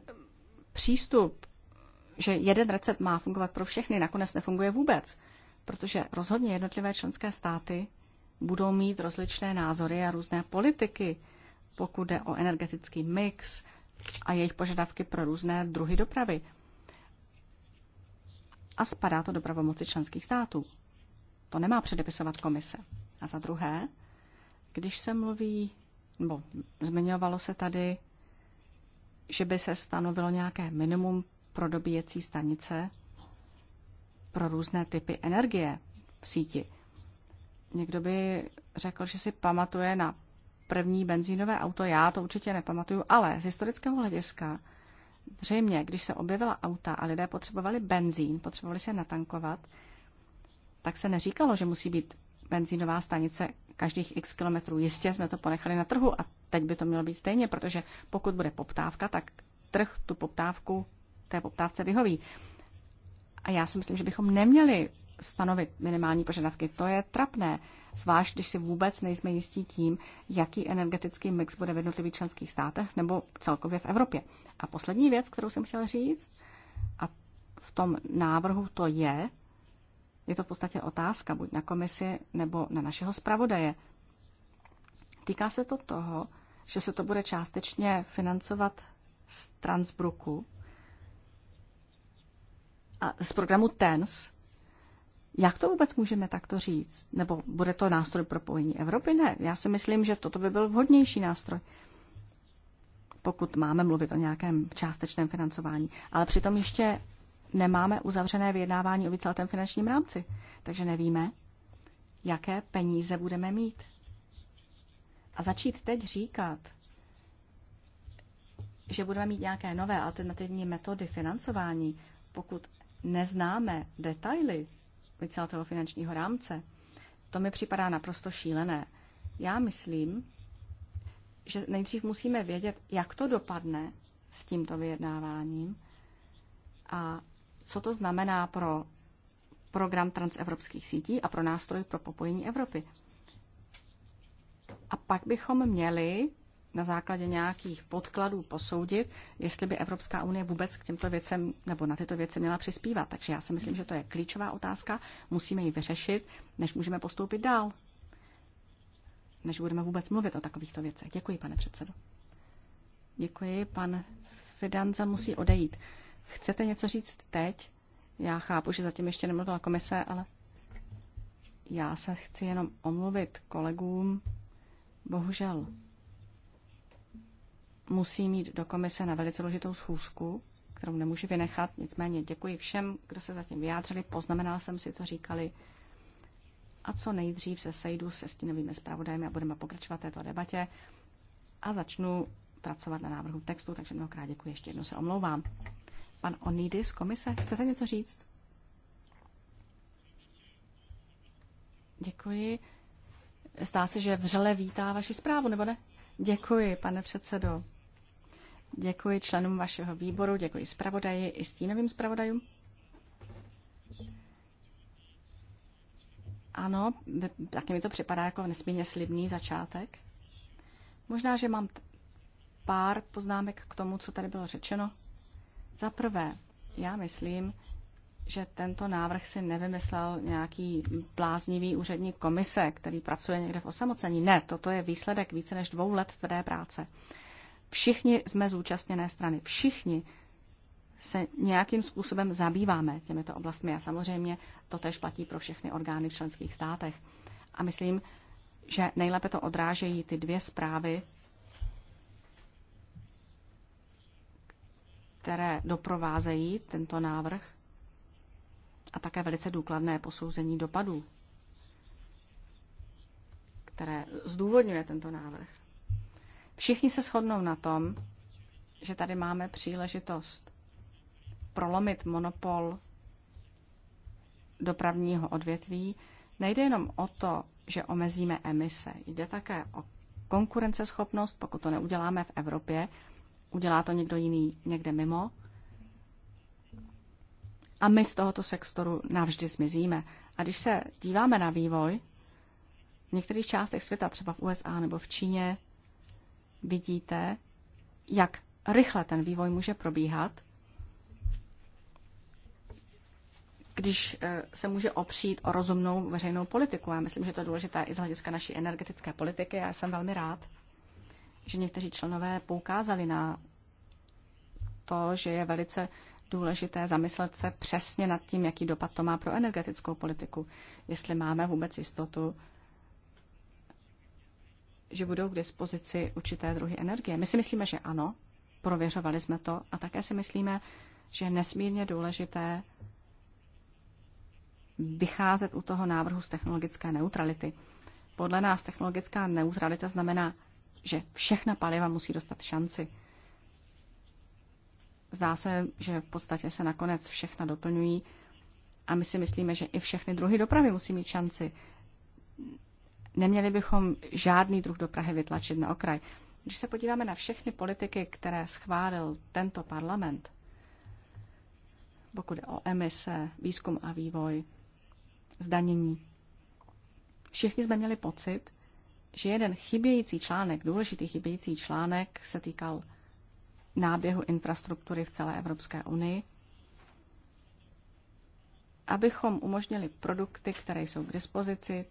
přístup, že jeden recept má fungovat pro všechny, nakonec nefunguje vůbec, protože rozhodně jednotlivé členské státy budou mít rozličné názory a různé politiky, pokud jde o energetický mix a jejich požadavky pro různé druhy dopravy. A spadá to do pravomoci členských států. To nemá předepisovat komise. A za druhé, když se mluví, nebo zmiňovalo se tady, že by se stanovilo nějaké minimum pro dobíjecí stanice pro různé typy energie v síti. Někdo by řekl, že si pamatuje na první benzínové auto, já to určitě nepamatuju, ale z historického hlediska zřejmě, když se objevila auta a lidé potřebovali benzín, potřebovali se natankovat, tak se neříkalo, že musí být benzínová stanice každých x kilometrů. Jistě jsme to ponechali na trhu a teď by to mělo být stejně, protože pokud bude poptávka, tak trh tu poptávku té poptávce vyhoví. A já si myslím, že bychom neměli stanovit minimální požadavky. To je trapné, zvlášť když si vůbec nejsme jistí tím, jaký energetický mix bude v jednotlivých členských státech nebo celkově v Evropě. A poslední věc, kterou jsem chtěla říct, a v tom návrhu to je, je to v podstatě otázka buď na komisi nebo na našeho zpravodaje. Týká se to toho, že se to bude částečně financovat z Transbruku a z programu TENS. Jak to vůbec můžeme takto říct? Nebo bude to nástroj propojení Evropy? Ne, já si myslím, že toto by byl vhodnější nástroj pokud máme mluvit o nějakém částečném financování. Ale přitom ještě nemáme uzavřené vyjednávání o víceletém finančním rámci, takže nevíme, jaké peníze budeme mít. A začít teď říkat, že budeme mít nějaké nové alternativní metody financování, pokud neznáme detaily víceletého finančního rámce, to mi připadá naprosto šílené. Já myslím, že nejdřív musíme vědět, jak to dopadne s tímto vyjednáváním a co to znamená pro program transevropských sítí a pro nástroj pro popojení Evropy. A pak bychom měli na základě nějakých podkladů posoudit, jestli by Evropská unie vůbec k těmto věcem nebo na tyto věci měla přispívat. Takže já si myslím, že to je klíčová otázka, musíme ji vyřešit, než můžeme postoupit dál, než budeme vůbec mluvit o takovýchto věcech. Děkuji, pane předsedo. Děkuji, pan Fidanza musí odejít. Chcete něco říct teď? Já chápu, že zatím ještě nemluvila komise, ale já se chci jenom omluvit kolegům. Bohužel musím jít do komise na velice důležitou schůzku, kterou nemůžu vynechat. Nicméně děkuji všem, kdo se zatím vyjádřili. Poznamenal jsem si, co říkali. A co nejdřív se sejdu se stínovými zpravodajmi a budeme pokračovat této debatě. A začnu pracovat na návrhu textu, takže mnohokrát děkuji. Ještě jednou se omlouvám. Pan Onidis, komise, chcete něco říct? Děkuji. Zdá se, že vřele vítá vaši zprávu, nebo ne? Děkuji, pane předsedo. Děkuji členům vašeho výboru, děkuji zpravodaji i stínovým zpravodajům. Ano, taky mi to připadá jako nesmírně slibný začátek. Možná, že mám pár poznámek k tomu, co tady bylo řečeno. Za prvé, já myslím, že tento návrh si nevymyslel nějaký bláznivý úředník komise, který pracuje někde v osamocení. Ne, toto je výsledek více než dvou let tvrdé práce. Všichni jsme zúčastněné strany. Všichni se nějakým způsobem zabýváme těmito oblastmi a samozřejmě to tež platí pro všechny orgány v členských státech. A myslím, že nejlépe to odrážejí ty dvě zprávy, které doprovázejí tento návrh a také velice důkladné posouzení dopadů, které zdůvodňuje tento návrh. Všichni se shodnou na tom, že tady máme příležitost prolomit monopol dopravního odvětví. Nejde jenom o to, že omezíme emise, jde také o konkurenceschopnost, pokud to neuděláme v Evropě, udělá to někdo jiný někde mimo. A my z tohoto sektoru navždy zmizíme. A když se díváme na vývoj, v některých částech světa, třeba v USA nebo v Číně, vidíte, jak rychle ten vývoj může probíhat, když eh, se může opřít o rozumnou veřejnou politiku. Já myslím, že to je důležité i z hlediska naší energetické politiky. Já jsem velmi rád, že někteří členové poukázali na to, že je velice důležité zamyslet se přesně nad tím, jaký dopad to má pro energetickou politiku. Jestli máme vůbec jistotu, že budou k dispozici určité druhy energie. My si myslíme, že ano, prověřovali jsme to a také si myslíme, že je nesmírně důležité vycházet u toho návrhu z technologické neutrality. Podle nás technologická neutralita znamená že všechna paliva musí dostat šanci. Zdá se, že v podstatě se nakonec všechna doplňují a my si myslíme, že i všechny druhy dopravy musí mít šanci. Neměli bychom žádný druh dopravy vytlačit na okraj. Když se podíváme na všechny politiky, které schválil tento parlament, pokud je o emise, výzkum a vývoj, zdanění, všichni jsme měli pocit, že jeden chybějící článek, důležitý chybějící článek se týkal náběhu infrastruktury v celé Evropské unii, abychom umožnili produkty, které jsou k dispozici,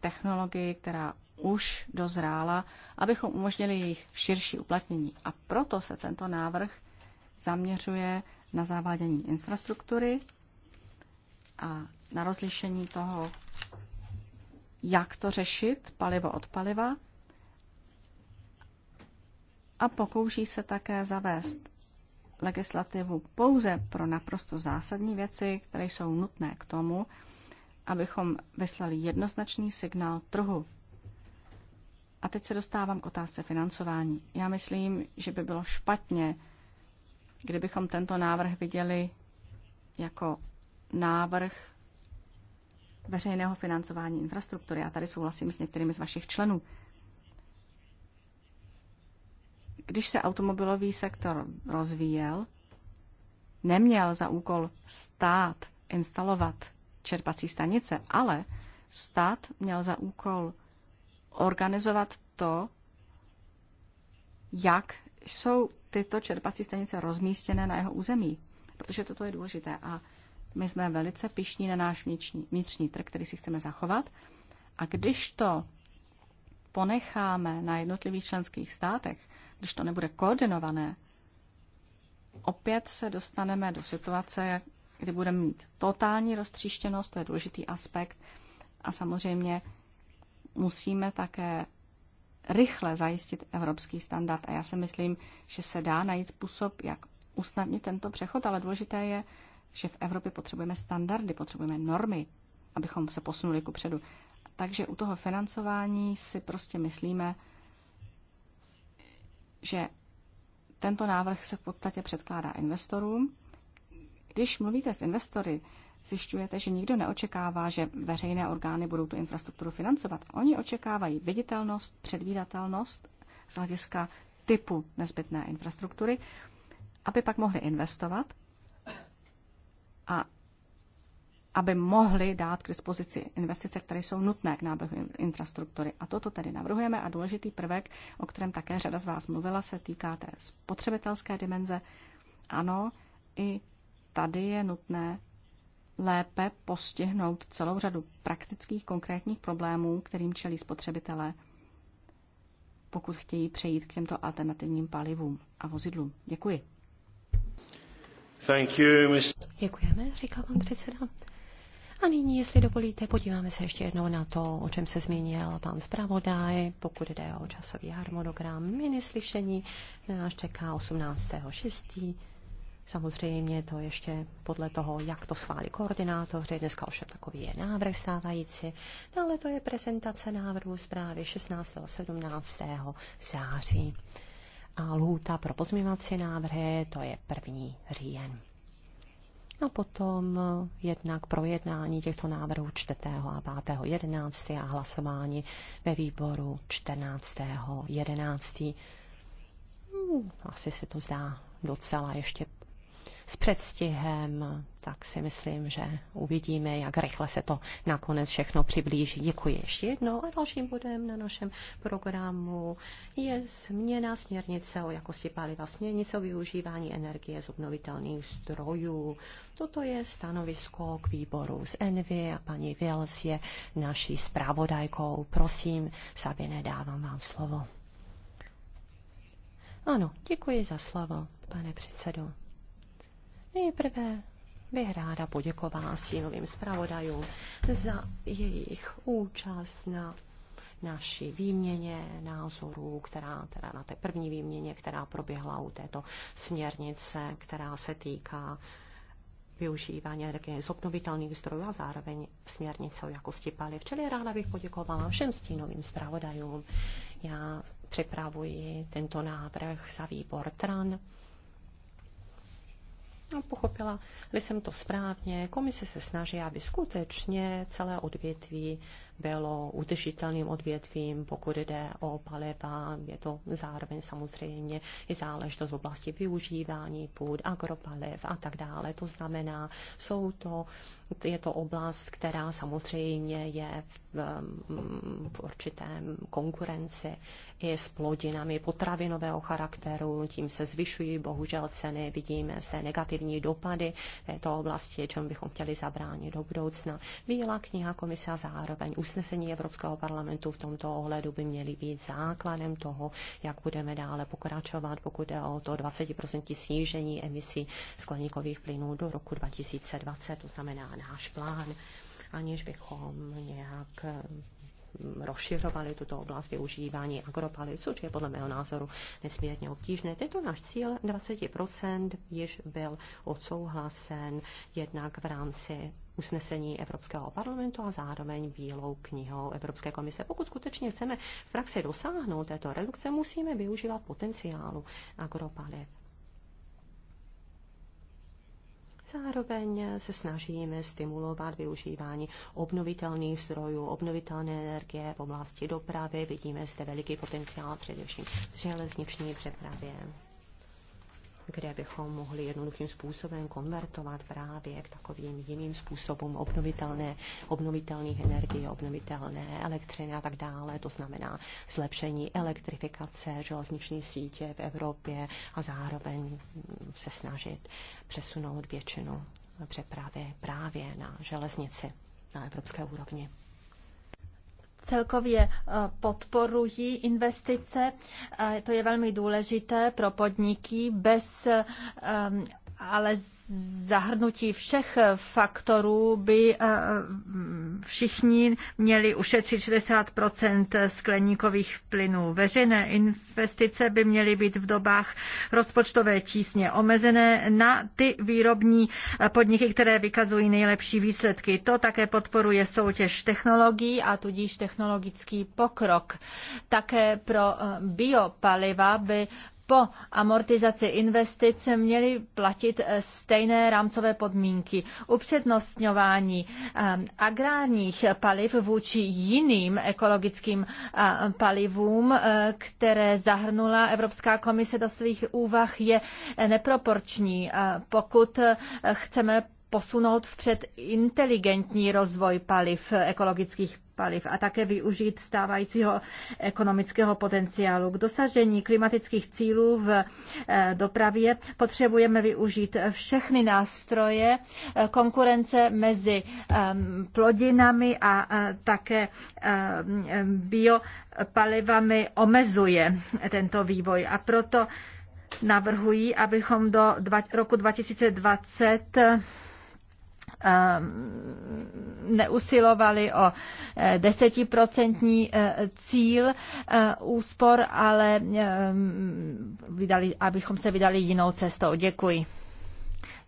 technologii, která už dozrála, abychom umožnili jejich širší uplatnění. A proto se tento návrh zaměřuje na závádění infrastruktury a na rozlišení toho, jak to řešit, palivo od paliva, a pokouší se také zavést legislativu pouze pro naprosto zásadní věci, které jsou nutné k tomu, abychom vyslali jednoznačný signál trhu. A teď se dostávám k otázce financování. Já myslím, že by bylo špatně, kdybychom tento návrh viděli jako návrh veřejného financování infrastruktury. Já tady souhlasím s některými z vašich členů. Když se automobilový sektor rozvíjel, neměl za úkol stát instalovat čerpací stanice, ale stát měl za úkol organizovat to, jak jsou tyto čerpací stanice rozmístěné na jeho území, protože toto je důležité. A my jsme velice pišní na náš vnitřní, vnitřní trh, který si chceme zachovat. A když to ponecháme na jednotlivých členských státech, když to nebude koordinované, opět se dostaneme do situace, kdy budeme mít totální roztříštěnost, to je důležitý aspekt. A samozřejmě musíme také rychle zajistit evropský standard. A já si myslím, že se dá najít způsob, jak usnadnit tento přechod, ale důležité je že v Evropě potřebujeme standardy, potřebujeme normy, abychom se posunuli ku předu. Takže u toho financování si prostě myslíme, že tento návrh se v podstatě předkládá investorům. Když mluvíte s investory, zjišťujete, že nikdo neočekává, že veřejné orgány budou tu infrastrukturu financovat. Oni očekávají viditelnost, předvídatelnost z hlediska typu nezbytné infrastruktury, aby pak mohli investovat a aby mohli dát k dispozici investice, které jsou nutné k náběhu infrastruktury. A toto tedy navrhujeme a důležitý prvek, o kterém také řada z vás mluvila, se týká té spotřebitelské dimenze. Ano, i tady je nutné lépe postihnout celou řadu praktických konkrétních problémů, kterým čelí spotřebitelé, pokud chtějí přejít k těmto alternativním palivům a vozidlům. Děkuji. Děkujeme, říkal pan předseda. A nyní, jestli dovolíte, podíváme se ještě jednou na to, o čem se zmínil pan zpravodaj, pokud jde o časový harmonogram minislyšení. náš čeká 18.6. Samozřejmě to ještě podle toho, jak to schválí koordinátoři. Dneska ovšem takový je návrh stávající. Dále no, to je prezentace návrhu zprávy 16. 17. září a lhůta pro pozměňovací návrhy, to je 1. říjen. A potom jednak projednání těchto návrhů 4. a 5. 11. a hlasování ve výboru 14. 11. Hmm, asi se to zdá docela ještě s předstihem tak si myslím, že uvidíme, jak rychle se to nakonec všechno přiblíží. Děkuji ještě jednou a dalším bodem na našem programu je změna směrnice o jakosti paliva, směrnice o využívání energie z obnovitelných zdrojů. Toto je stanovisko k výboru z Envy a paní Vils je naší zpravodajkou. Prosím, Sabine, dávám vám slovo. Ano, děkuji za slovo, pane předsedo. Nejprve bych ráda poděkovala sínovým zpravodajům za jejich účast na naší výměně názorů, která teda na té první výměně, která proběhla u této směrnice, která se týká využívání energie z obnovitelných zdrojů a zároveň směrnice o jakosti paliv. Čili ráda bych poděkovala všem stínovým zpravodajům. Já připravuji tento návrh za výbor TRAN No, pochopila li jsem to správně, komise se snaží, aby skutečně celé odvětví bylo udržitelným odvětvím, pokud jde o paliva. Je to zároveň samozřejmě i záležitost v oblasti využívání půd, agropaliv a tak dále. To znamená, jsou to, je to oblast, která samozřejmě je v, v určitém konkurenci i s plodinami potravinového charakteru. Tím se zvyšují bohužel ceny. Vidíme zde negativní negativní dopady této oblasti, čemu bychom chtěli zabránit do budoucna. Bílá kniha komise a zároveň usnesení Evropského parlamentu v tomto ohledu by měly být základem toho, jak budeme dále pokračovat, pokud jde o to 20% snížení emisí skleníkových plynů do roku 2020, to znamená náš plán aniž bychom nějak rozšiřovali tuto oblast využívání agropaliv, což je podle mého názoru nesmírně obtížné. Tento náš cíl 20% již byl odsouhlasen jednak v rámci usnesení Evropského parlamentu a zároveň bílou knihou Evropské komise. Pokud skutečně chceme v praxi dosáhnout této redukce, musíme využívat potenciálu agropaliv. Zároveň se snažíme stimulovat využívání obnovitelných zdrojů, obnovitelné energie v oblasti dopravy. Vidíme zde veliký potenciál především v železniční přepravě kde bychom mohli jednoduchým způsobem konvertovat právě k takovým jiným způsobům obnovitelné, obnovitelných energie, obnovitelné elektřiny a tak dále. To znamená zlepšení elektrifikace železniční sítě v Evropě a zároveň se snažit přesunout většinu přepravy právě na železnici na evropské úrovni celkově eh, podporují investice. Eh, to je velmi důležité pro podniky. Bez eh, ale zahrnutí všech faktorů by eh, všichni měli ušetřit 60 skleníkových plynů. Veřejné investice by měly být v dobách rozpočtové tísně omezené na ty výrobní podniky, které vykazují nejlepší výsledky. To také podporuje soutěž technologií a tudíž technologický pokrok. Také pro eh, biopaliva by po amortizaci investic měly platit eh, stejné rámcové podmínky. Upřednostňování eh, agrárních paliv vůči jiným ekologickým eh, palivům, které zahrnula Evropská komise do svých úvah, je neproporční. Pokud chceme posunout vpřed inteligentní rozvoj paliv ekologických paliv a také využít stávajícího ekonomického potenciálu. K dosažení klimatických cílů v eh, dopravě potřebujeme využít všechny nástroje eh, konkurence mezi eh, plodinami a také biopalivami omezuje tento vývoj. A proto navrhují, abychom do roku 2020 Ehm, neusilovali o eh, desetiprocentní eh, cíl eh, úspor, ale ehm, vydali, abychom se vydali jinou cestou. Děkuji.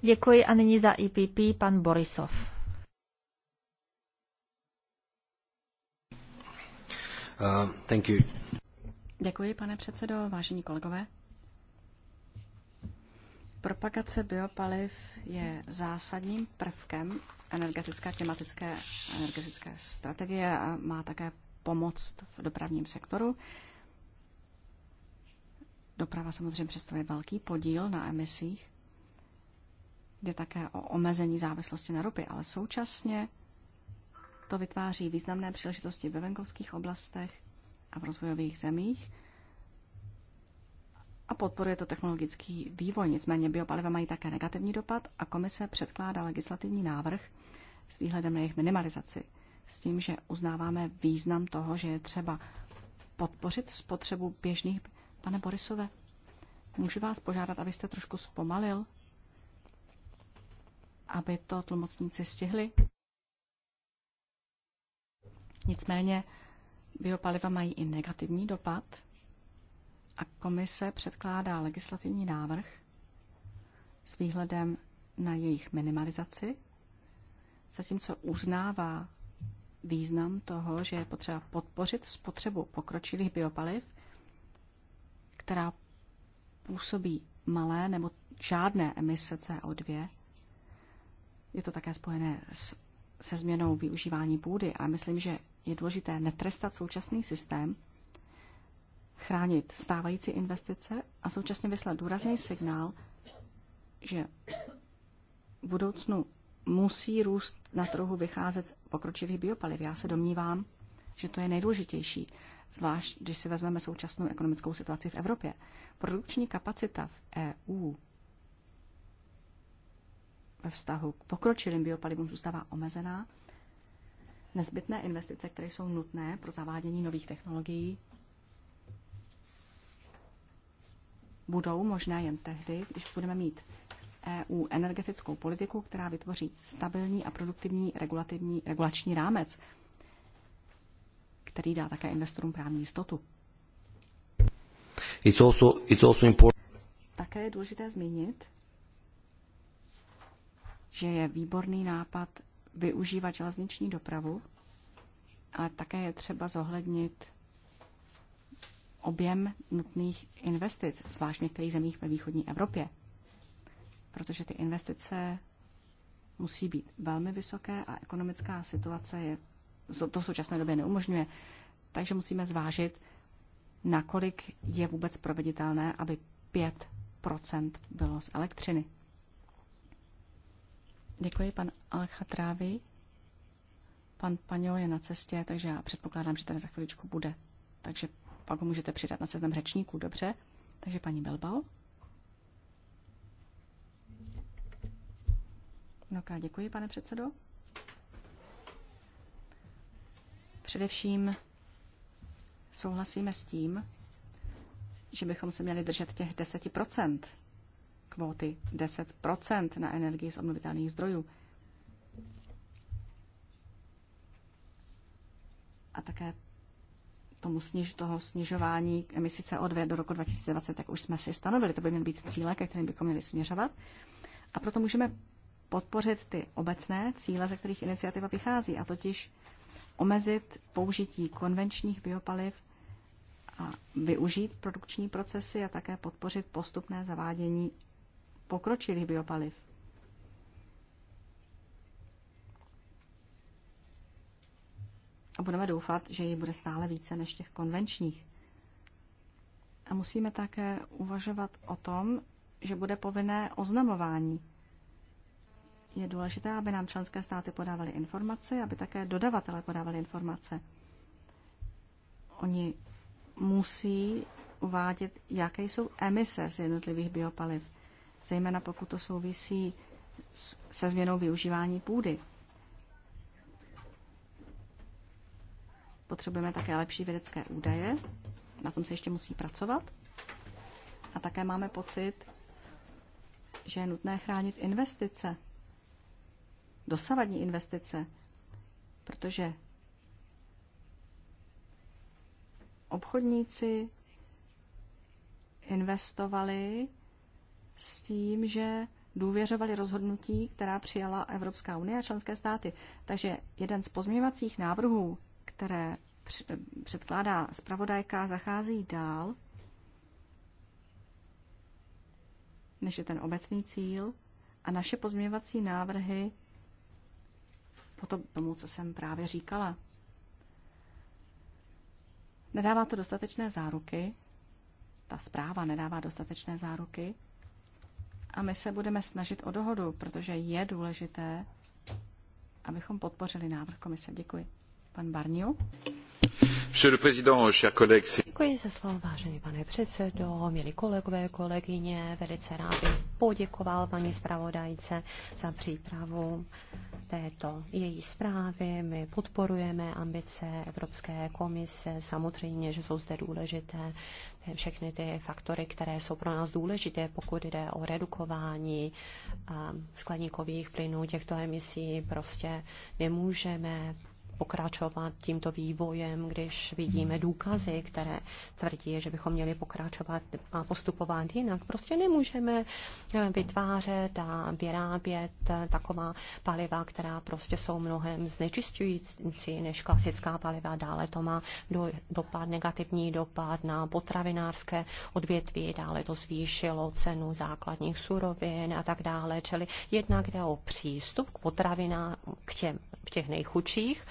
Děkuji a nyní za IPP e pan Borisov. Uh, thank you. Děkuji, pane předsedo, vážení kolegové. Propagace biopaliv je zásadním prvkem energetické tematické klimatické energetické strategie a má také pomoc v dopravním sektoru. Doprava samozřejmě představuje velký podíl na emisích. Jde také o omezení závislosti na ropě, ale současně to vytváří významné příležitosti ve venkovských oblastech a v rozvojových zemích, a podporuje to technologický vývoj. Nicméně biopaliva mají také negativní dopad a komise předkládá legislativní návrh s výhledem na jejich minimalizaci. S tím, že uznáváme význam toho, že je třeba podpořit spotřebu běžných. Pane Borisové, můžu vás požádat, abyste trošku zpomalil, aby to tlumocníci stihli? Nicméně biopaliva mají i negativní dopad a komise předkládá legislativní návrh s výhledem na jejich minimalizaci, zatímco uznává význam toho, že je potřeba podpořit spotřebu pokročilých biopaliv, která působí malé nebo žádné emise CO2. Je to také spojené s, se změnou využívání půdy a myslím, že je důležité netrestat současný systém, chránit stávající investice a současně vyslat důrazný signál, že v budoucnu musí růst na trhu vycházet z pokročilých biopaliv. Já se domnívám, že to je nejdůležitější, zvlášť když si vezmeme současnou ekonomickou situaci v Evropě. Produkční kapacita v EU ve vztahu k pokročilým biopalivům zůstává omezená. Nezbytné investice, které jsou nutné pro zavádění nových technologií, budou možné jen tehdy, když budeme mít EU energetickou politiku, která vytvoří stabilní a produktivní regulativní, regulační rámec, který dá také investorům právní jistotu. It's also, it's also important. Také je důležité zmínit, že je výborný nápad využívat železniční dopravu, ale také je třeba zohlednit objem nutných investic, zvlášť v některých zemích ve východní Evropě. Protože ty investice musí být velmi vysoké a ekonomická situace je, to v současné době neumožňuje. Takže musíme zvážit, nakolik je vůbec proveditelné, aby 5 bylo z elektřiny. Děkuji, pan Alchatrávi. Pan Paňo je na cestě, takže já předpokládám, že tady za chviličku bude. Takže pak ho můžete přidat na seznam řečníků, dobře? Takže paní No ká, děkuji, pane předsedo. Především souhlasíme s tím, že bychom se měli držet těch 10%, kvóty 10% na energii z obnovitelných zdrojů. A také tomu sniž, toho snižování emisí CO2 do roku 2020, tak už jsme si stanovili. To by měly být cíle, ke kterým bychom měli směřovat. A proto můžeme podpořit ty obecné cíle, ze kterých iniciativa vychází, a totiž omezit použití konvenčních biopaliv a využít produkční procesy a také podpořit postupné zavádění pokročilých biopaliv a budeme doufat, že ji bude stále více než těch konvenčních. A musíme také uvažovat o tom, že bude povinné oznamování. Je důležité, aby nám členské státy podávaly informace, aby také dodavatele podávali informace. Oni musí uvádět, jaké jsou emise z jednotlivých biopaliv, zejména pokud to souvisí se změnou využívání půdy. Potřebujeme také lepší vědecké údaje, na tom se ještě musí pracovat. A také máme pocit, že je nutné chránit investice, dosavadní investice, protože obchodníci investovali s tím, že důvěřovali rozhodnutí, která přijala Evropská unie a členské státy. Takže jeden z pozměňovacích návrhů které předkládá zpravodajka, zachází dál, než je ten obecný cíl a naše pozměňovací návrhy potom tomu, co jsem právě říkala. Nedává to dostatečné záruky, ta zpráva nedává dostatečné záruky a my se budeme snažit o dohodu, protože je důležité, abychom podpořili návrh komise. Děkuji. Pan Barniu. Děkuji za slovo, vážený pane předsedo, milí kolegové, kolegyně. Velice rád bych poděkoval paní zpravodajce za přípravu této její zprávy. My podporujeme ambice Evropské komise. Samozřejmě, že jsou zde důležité všechny ty faktory, které jsou pro nás důležité, pokud jde o redukování um, skleníkových plynů těchto emisí. Prostě nemůžeme pokračovat tímto vývojem, když vidíme důkazy, které tvrdí, že bychom měli pokračovat a postupovat jinak. Prostě nemůžeme eh, vytvářet a vyrábět eh, taková paliva, která prostě jsou mnohem znečistující než klasická paliva. Dále to má do, dopad, negativní dopad na potravinářské odvětví, dále to zvýšilo cenu základních surovin a tak dále. Čili jednak jde o přístup k potravinám k těm, v těch nejchučích,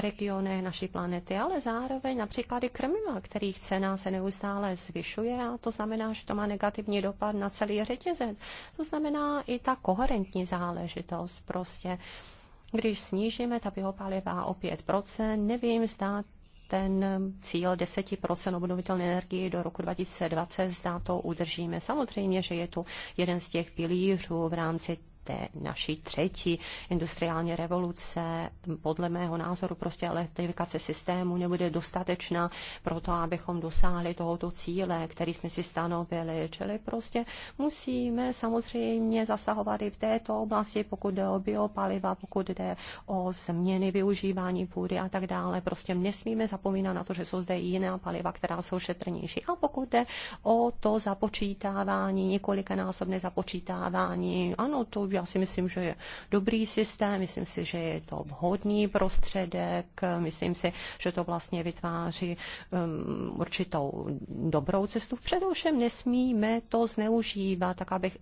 regionech naší planety, ale zároveň například i krmiva, kterých cena se neustále zvyšuje a to znamená, že to má negativní dopad na celý řetězec. To znamená i ta koherentní záležitost prostě. Když snížíme ta biopaliva o 5%, nevím, zda ten cíl 10% obnovitelné energie do roku 2020, zda to udržíme. Samozřejmě, že je tu jeden z těch pilířů v rámci té naší třetí industriální revoluce, podle mého názoru prostě elektrifikace systému nebude dostatečná pro to, abychom dosáhli tohoto cíle, který jsme si stanovili. Čili prostě musíme samozřejmě zasahovat i v této oblasti, pokud jde o biopaliva, pokud jde o změny využívání půdy a tak dále. Prostě nesmíme zapomínat na to, že jsou zde i jiná paliva, která jsou šetrnější. A pokud jde o to započítávání, několikanásobné započítávání, ano, to já si myslím, že je dobrý systém, myslím si, že je to vhodný prostředek, myslím si, že to vlastně vytváří um, určitou dobrou cestu. Především nesmíme to zneužívat, tak aby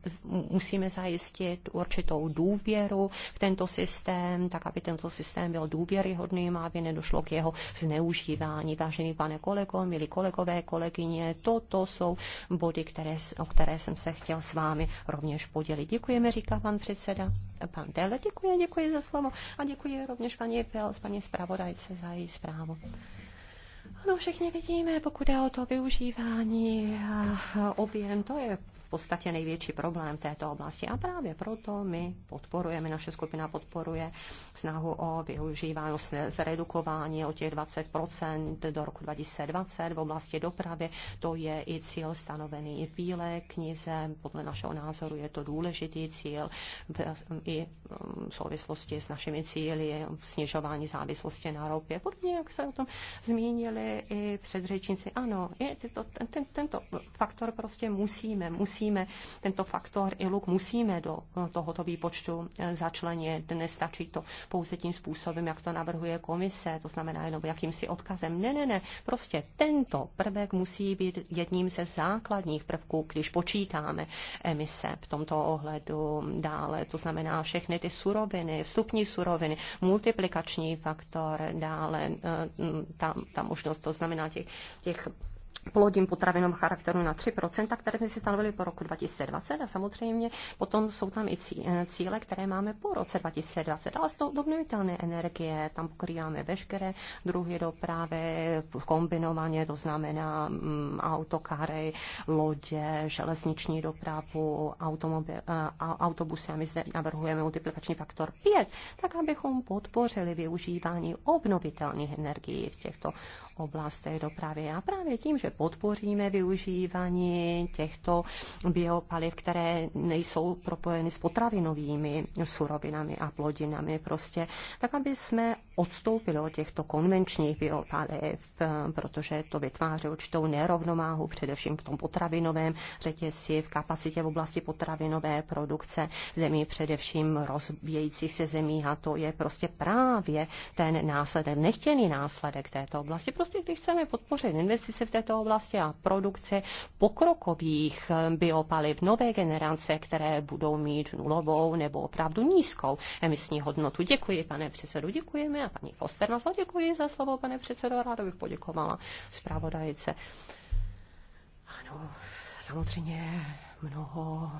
musíme zajistit určitou důvěru v tento systém, tak aby tento systém byl důvěryhodným a aby nedošlo k jeho zneužívání. Vážený pane kolego, milí kolegové, kolegyně, toto jsou body, které, o které jsem se chtěl s vámi rovněž podělit. Děkujeme, říká pan předseda. Pan Dele, děkuji, děkuji za slovo a děkuji rovněž paní Pils, paní zpravodajce za její zprávu. Ano, všichni vidíme, pokud je o to využívání a objem, to je podstatě největší problém této oblasti. A právě proto my podporujeme, naše skupina podporuje snahu o využívání, zredukování o těch 20 do roku 2020 v oblasti dopravy. To je i cíl stanovený i v Bílé knize. Podle našeho názoru je to důležitý cíl i um, v souvislosti s našimi cíly snižování závislosti na ropě. Podobně, jak se o tom zmínili i předřečníci. Ano, je to, ten, tento faktor prostě musíme, musíme musíme tento faktor i luk musíme do tohoto výpočtu eh, začlenit. Nestačí to pouze tím způsobem, jak to navrhuje komise, to znamená jenom jakýmsi odkazem. Ne, ne, ne, prostě tento prvek musí být jedním ze základních prvků, když počítáme emise v tomto ohledu dále. To znamená všechny ty suroviny, vstupní suroviny, multiplikační faktor, dále eh, ta, ta možnost, to znamená těch, těch plodím potravinom charakteru na 3%, které jsme si stanovili po roku 2020 a samozřejmě potom jsou tam i e, cíle, které máme po roce 2020, ale jsou to obnovitelné energie, tam pokrýváme veškeré druhy dopravy kombinovaně, to znamená mm, autokary, lodě, železniční dopravu, automobil, e, autobusy a my zde navrhujeme multiplikační faktor 5, tak abychom podpořili využívání obnovitelných energií v těchto oblastech dopravy a právě tím že podpoříme využívání těchto biopaliv, které nejsou propojeny s potravinovými surovinami a plodinami prostě, tak aby jsme odstoupili od těchto konvenčních biopaliv, protože to vytváří určitou nerovnováhu, především v tom potravinovém řetězci, v kapacitě v oblasti potravinové produkce zemí, především rozbějících se zemí a to je prostě právě ten následek, nechtěný následek této oblasti. Prostě když chceme podpořit investice v této této oblasti a produkce pokrokových biopaliv nové generace, které budou mít nulovou nebo opravdu nízkou emisní hodnotu. Děkuji, pane předsedu, děkujeme a paní Foster nás děkuji za slovo, pane předsedo, ráda bych poděkovala zpravodajice. Ano, samozřejmě mnoho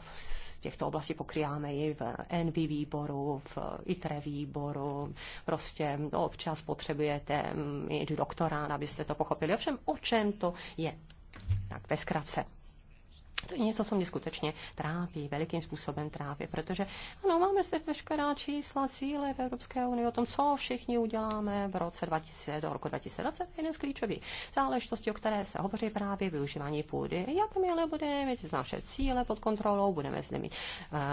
těchto oblastí pokrýváme i v NV výboru, v ITRE výboru, prostě no, občas potřebujete mít mm, doktorát, abyste to pochopili. Ovšem, o čem to je? Tak ve zkratce. To je něco, co mě skutečně trápí, velikým způsobem trápí, protože ano, máme zde veškerá čísla, cíle v Evropské unii o tom, co všichni uděláme v roce 2000 do roku 2020, jeden z klíčových záležitostí, o které se hovoří právě využívání půdy. ale budeme mít naše cíle pod kontrolou, budeme zde mít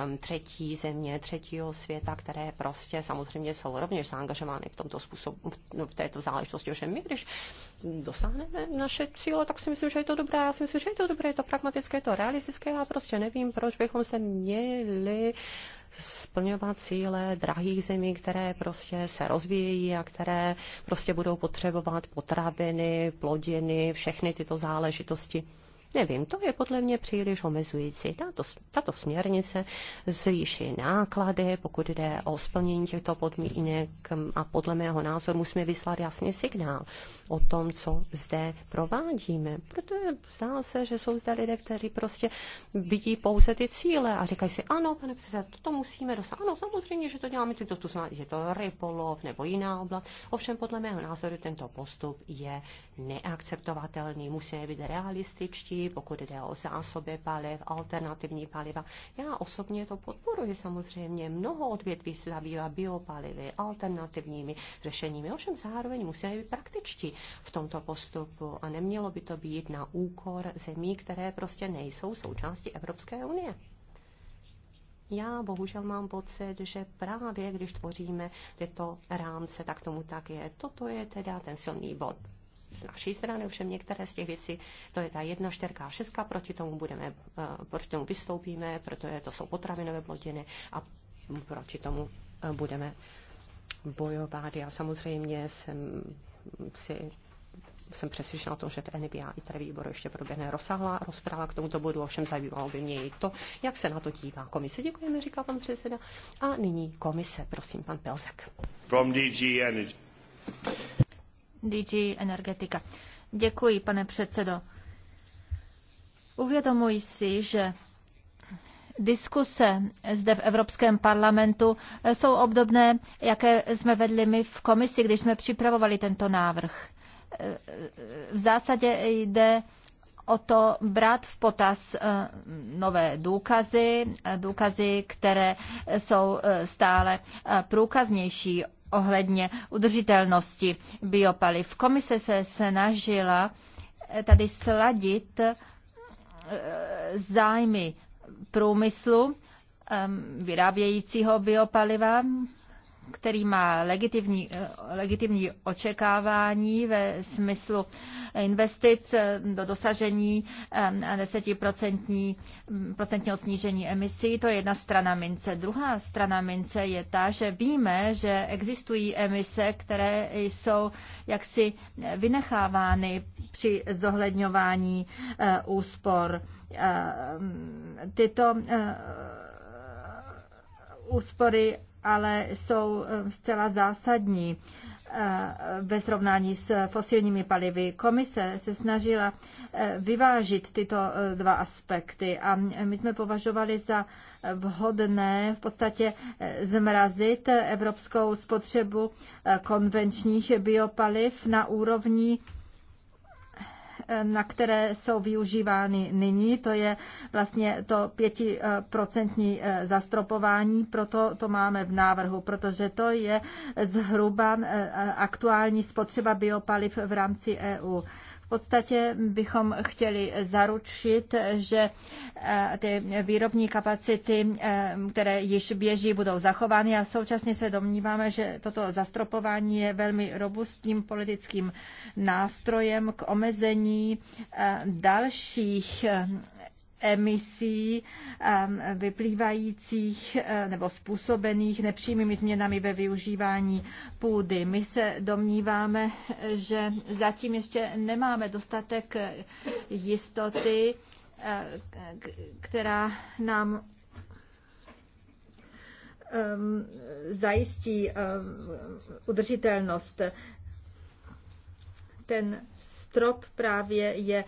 um, třetí země, třetího světa, které prostě samozřejmě jsou rovněž zaangažovány v tomto způsobu, v no, této záležitosti, že my, když dosáhneme naše cíle, tak si myslím, že je to dobré, já si myslím, že je to dobré, je to pragmatické, je to realistické, já prostě nevím, proč bychom se měli splňovat cíle drahých zemí, které prostě se rozvíjejí a které prostě budou potřebovat potraviny, plodiny, všechny tyto záležitosti. Nevím, to je podle mě příliš omezující. Tato, tato směrnice zvýší náklady, pokud jde o splnění těchto podmínek a podle mého názoru musíme vyslat jasný signál o tom, co zde provádíme. Protože zdá se, že jsou zde lidé, kteří prostě vidí pouze ty cíle a říkají si, ano, pane předsedo, toto musíme dosáhnout. Ano, samozřejmě, že to děláme, to, to znamená, že to rybolov nebo jiná oblast. Ovšem, podle mého názoru tento postup je neakceptovatelný. Musíme být realističtí, pokud jde o zásoby paliv, alternativní paliva. Já osobně to podporuji samozřejmě. Mnoho odvětví se zabývá biopalivy, alternativními řešeními, ovšem zároveň musí být praktičtí v tomto postupu a nemělo by to být na úkor zemí, které prostě nejsou součástí Evropské unie. Já bohužel mám pocit, že právě když tvoříme tyto rámce, tak tomu tak je. Toto je teda ten silný bod z naší strany, ovšem některé z těch věcí, to je ta jedna čtyřka a šestka, proti tomu budeme, eh, proti tomu vystoupíme, protože to jsou potravinové plodiny a proti tomu eh, budeme bojovat. Já samozřejmě jsem si jsem přesvědčena o tom, že v NBA i tady výboru ještě proběhne rozsáhlá rozprava k tomuto bodu, ovšem zajímalo by mě i to, jak se na to dívá komise. Děkujeme, říká pan předseda. A nyní komise, prosím, pan Pelzek. From DG Energy. DG Energetika. Děkuji, pane předsedo. Uvědomuji si, že diskuse zde v Evropském parlamentu jsou obdobné, jaké jsme vedli my v komisi, když jsme připravovali tento návrh. V zásadě jde o to brát v potaz eh, nové důkazy, eh, důkazy, které jsou eh, stále průkaznější ohledně udržitelnosti biopaliv. Komise se snažila eh, tady sladit eh, zájmy průmyslu eh, vyrábějícího biopaliva který má legitimní, eh, legitimní očekávání ve smyslu investic eh, do dosažení 10% eh, mm, snížení emisí. To je jedna strana mince. Druhá strana mince je ta, že víme, že existují emise, které jsou jaksi vynechávány při zohledňování úspor. Mm, tyto úspory ale jsou eh, zcela zásadní eh, ve srovnání s fosilními palivy. Komise se snažila eh, vyvážit tyto dva aspekty a my jsme považovali za vhodné v podstatě zmrazit evropskou spotřebu konvenčních biopaliv na úrovni na které jsou využívány nyní. To je vlastně to pětiprocentní eh, zastropování, proto to máme v návrhu, protože to je zhruba eh, aktuální spotřeba biopaliv v rámci EU. V podstatě bychom chtěli zaručit, že eh, ty výrobní kapacity, eh, které již běží, budou zachovány a současně se domníváme, že toto zastropování je velmi robustním politickým nástrojem k omezení eh, dalších emisí um, vyplývajících eh, nebo způsobených nepřímými změnami ve využívání půdy. My se domníváme, že zatím ještě nemáme dostatek eh, jistoty, eh, která nám ehm, zajistí ehm, udržitelnost. Ten strop právě je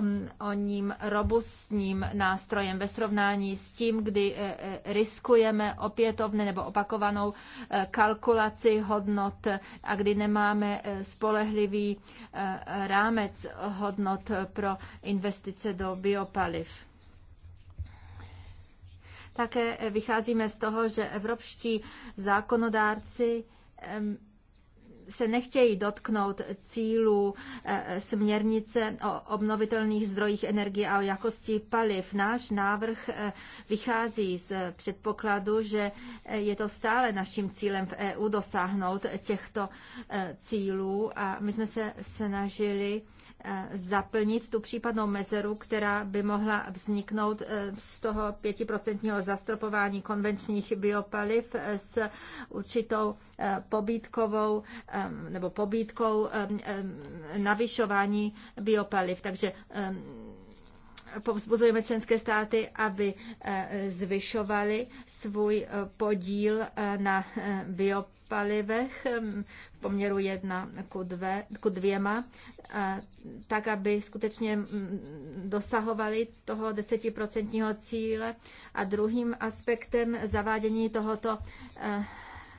mm, o ním robustním nástrojem ve srovnání s tím, kdy e, e, riskujeme opětovné nebo opakovanou e, kalkulaci hodnot a kdy nemáme spolehlivý rámec hodnot pro investice do biopaliv. Také vycházíme z toho, že evropští zákonodárci se nechtějí dotknout cílů eh, směrnice o obnovitelných zdrojích energie a o jakosti paliv. Náš návrh eh, vychází z předpokladu, že eh, je to stále naším cílem v EU dosáhnout těchto cílů a my jsme se snažili Eh, zaplnit tu případnou mezeru, která by mohla vzniknout eh, z toho 5% zastropování konvenčních biopaliv eh, s určitou pobítkovou nebo pobítkou navyšování biopaliv. Takže povzbuzujeme členské státy, aby eh, zvyšovaly svůj eh, podíl eh, na biopalivech mm, v poměru jedna ku, dve, ku dvěma, tak, aby skutečně mm, dosahovali toho desetiprocentního cíle. A druhým aspektem zavádění tohoto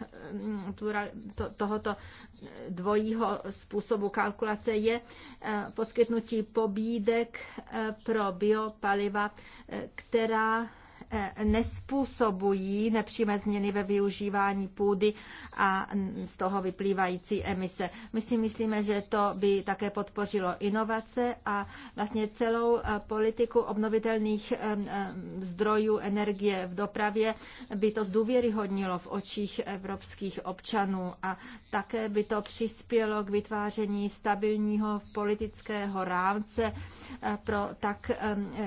Eh, plural, to, tohoto dvojího způsobu kalkulace je eh, poskytnutí pobídek eh, pro biopaliva, která Eh, nespůsobují nepřímé změny ve využívání půdy a z toho vyplývající emise. My si myslíme, že to by také podpořilo inovace a vlastně celou eh, politiku obnovitelných eh, zdrojů energie v dopravě by to zdůvěryhodnilo v očích evropských občanů a také by to přispělo k vytváření stabilního politického rámce pro tak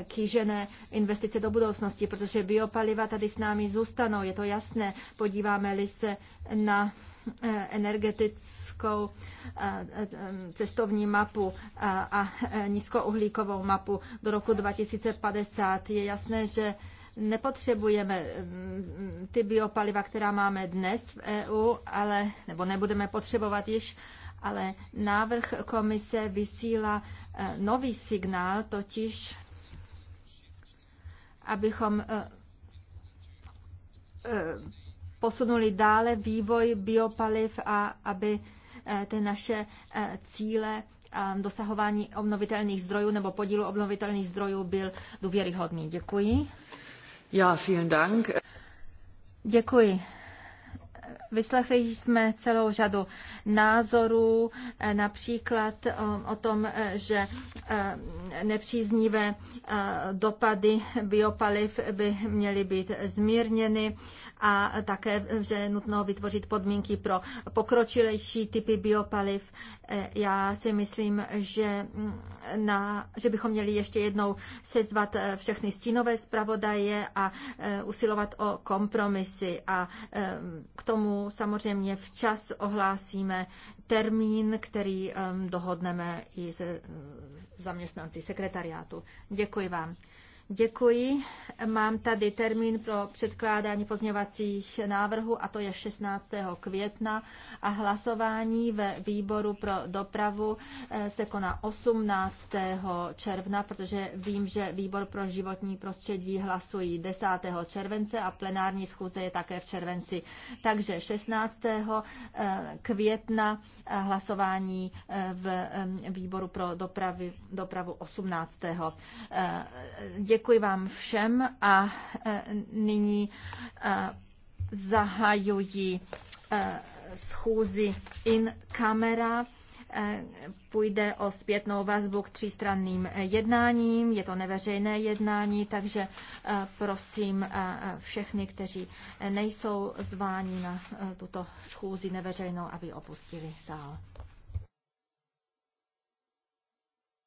kýžené investice do budoucnosti, protože že biopaliva tady s námi zůstanou, je to jasné. Podíváme-li se na eh, energetickou eh, cestovní mapu eh, a nízkouhlíkovou mapu do roku 2050, je jasné, že nepotřebujeme mm, ty biopaliva, která máme dnes v EU, ale, nebo nebudeme potřebovat již, ale návrh komise vysílá nový signál, totiž abychom eh, eh, posunuli dále vývoj biopaliv a aby eh, ty naše cíle dosahování obnovitelných zdrojů nebo podílu obnovitelných zdrojů byl důvěryhodný. Děkuji. Ja, vielen Dank. Děkuji Vyslechli jsme celou řadu názorů, eh, například eh, o tom, eh, že nepříznivé dopady biopaliv by měly být zmírněny a také, že je nutno vytvořit podmínky pro pokročilejší typy biopaliv. Já si myslím, že, mm, na, že bychom měli ještě jednou sezvat všechny stínové zpravodaje a usilovat o kompromisy a k tomu samozřejmě včas ohlásíme termín, který dohodneme i se zaměstnanci sekretariátu. Děkuji vám. Děkuji. Mám tady termín pro předkládání pozměňovacích návrhů a to je 16. května a hlasování ve výboru pro dopravu eh, se koná 18. června, protože vím, že výbor pro životní prostředí hlasují 10. července a plenární schůze je také v červenci. Takže 16. Eh, května eh, hlasování v výboru pro dopravu 18. Děkuji Děkuji vám všem a e, nyní e, zahajuji e, schůzi in camera. Půjde o zpětnou vazbu k třístranným jednáním. Je to neveřejné jednání, takže prosím všechny, kteří nejsou zváni na tuto schůzi neveřejnou, aby opustili sál.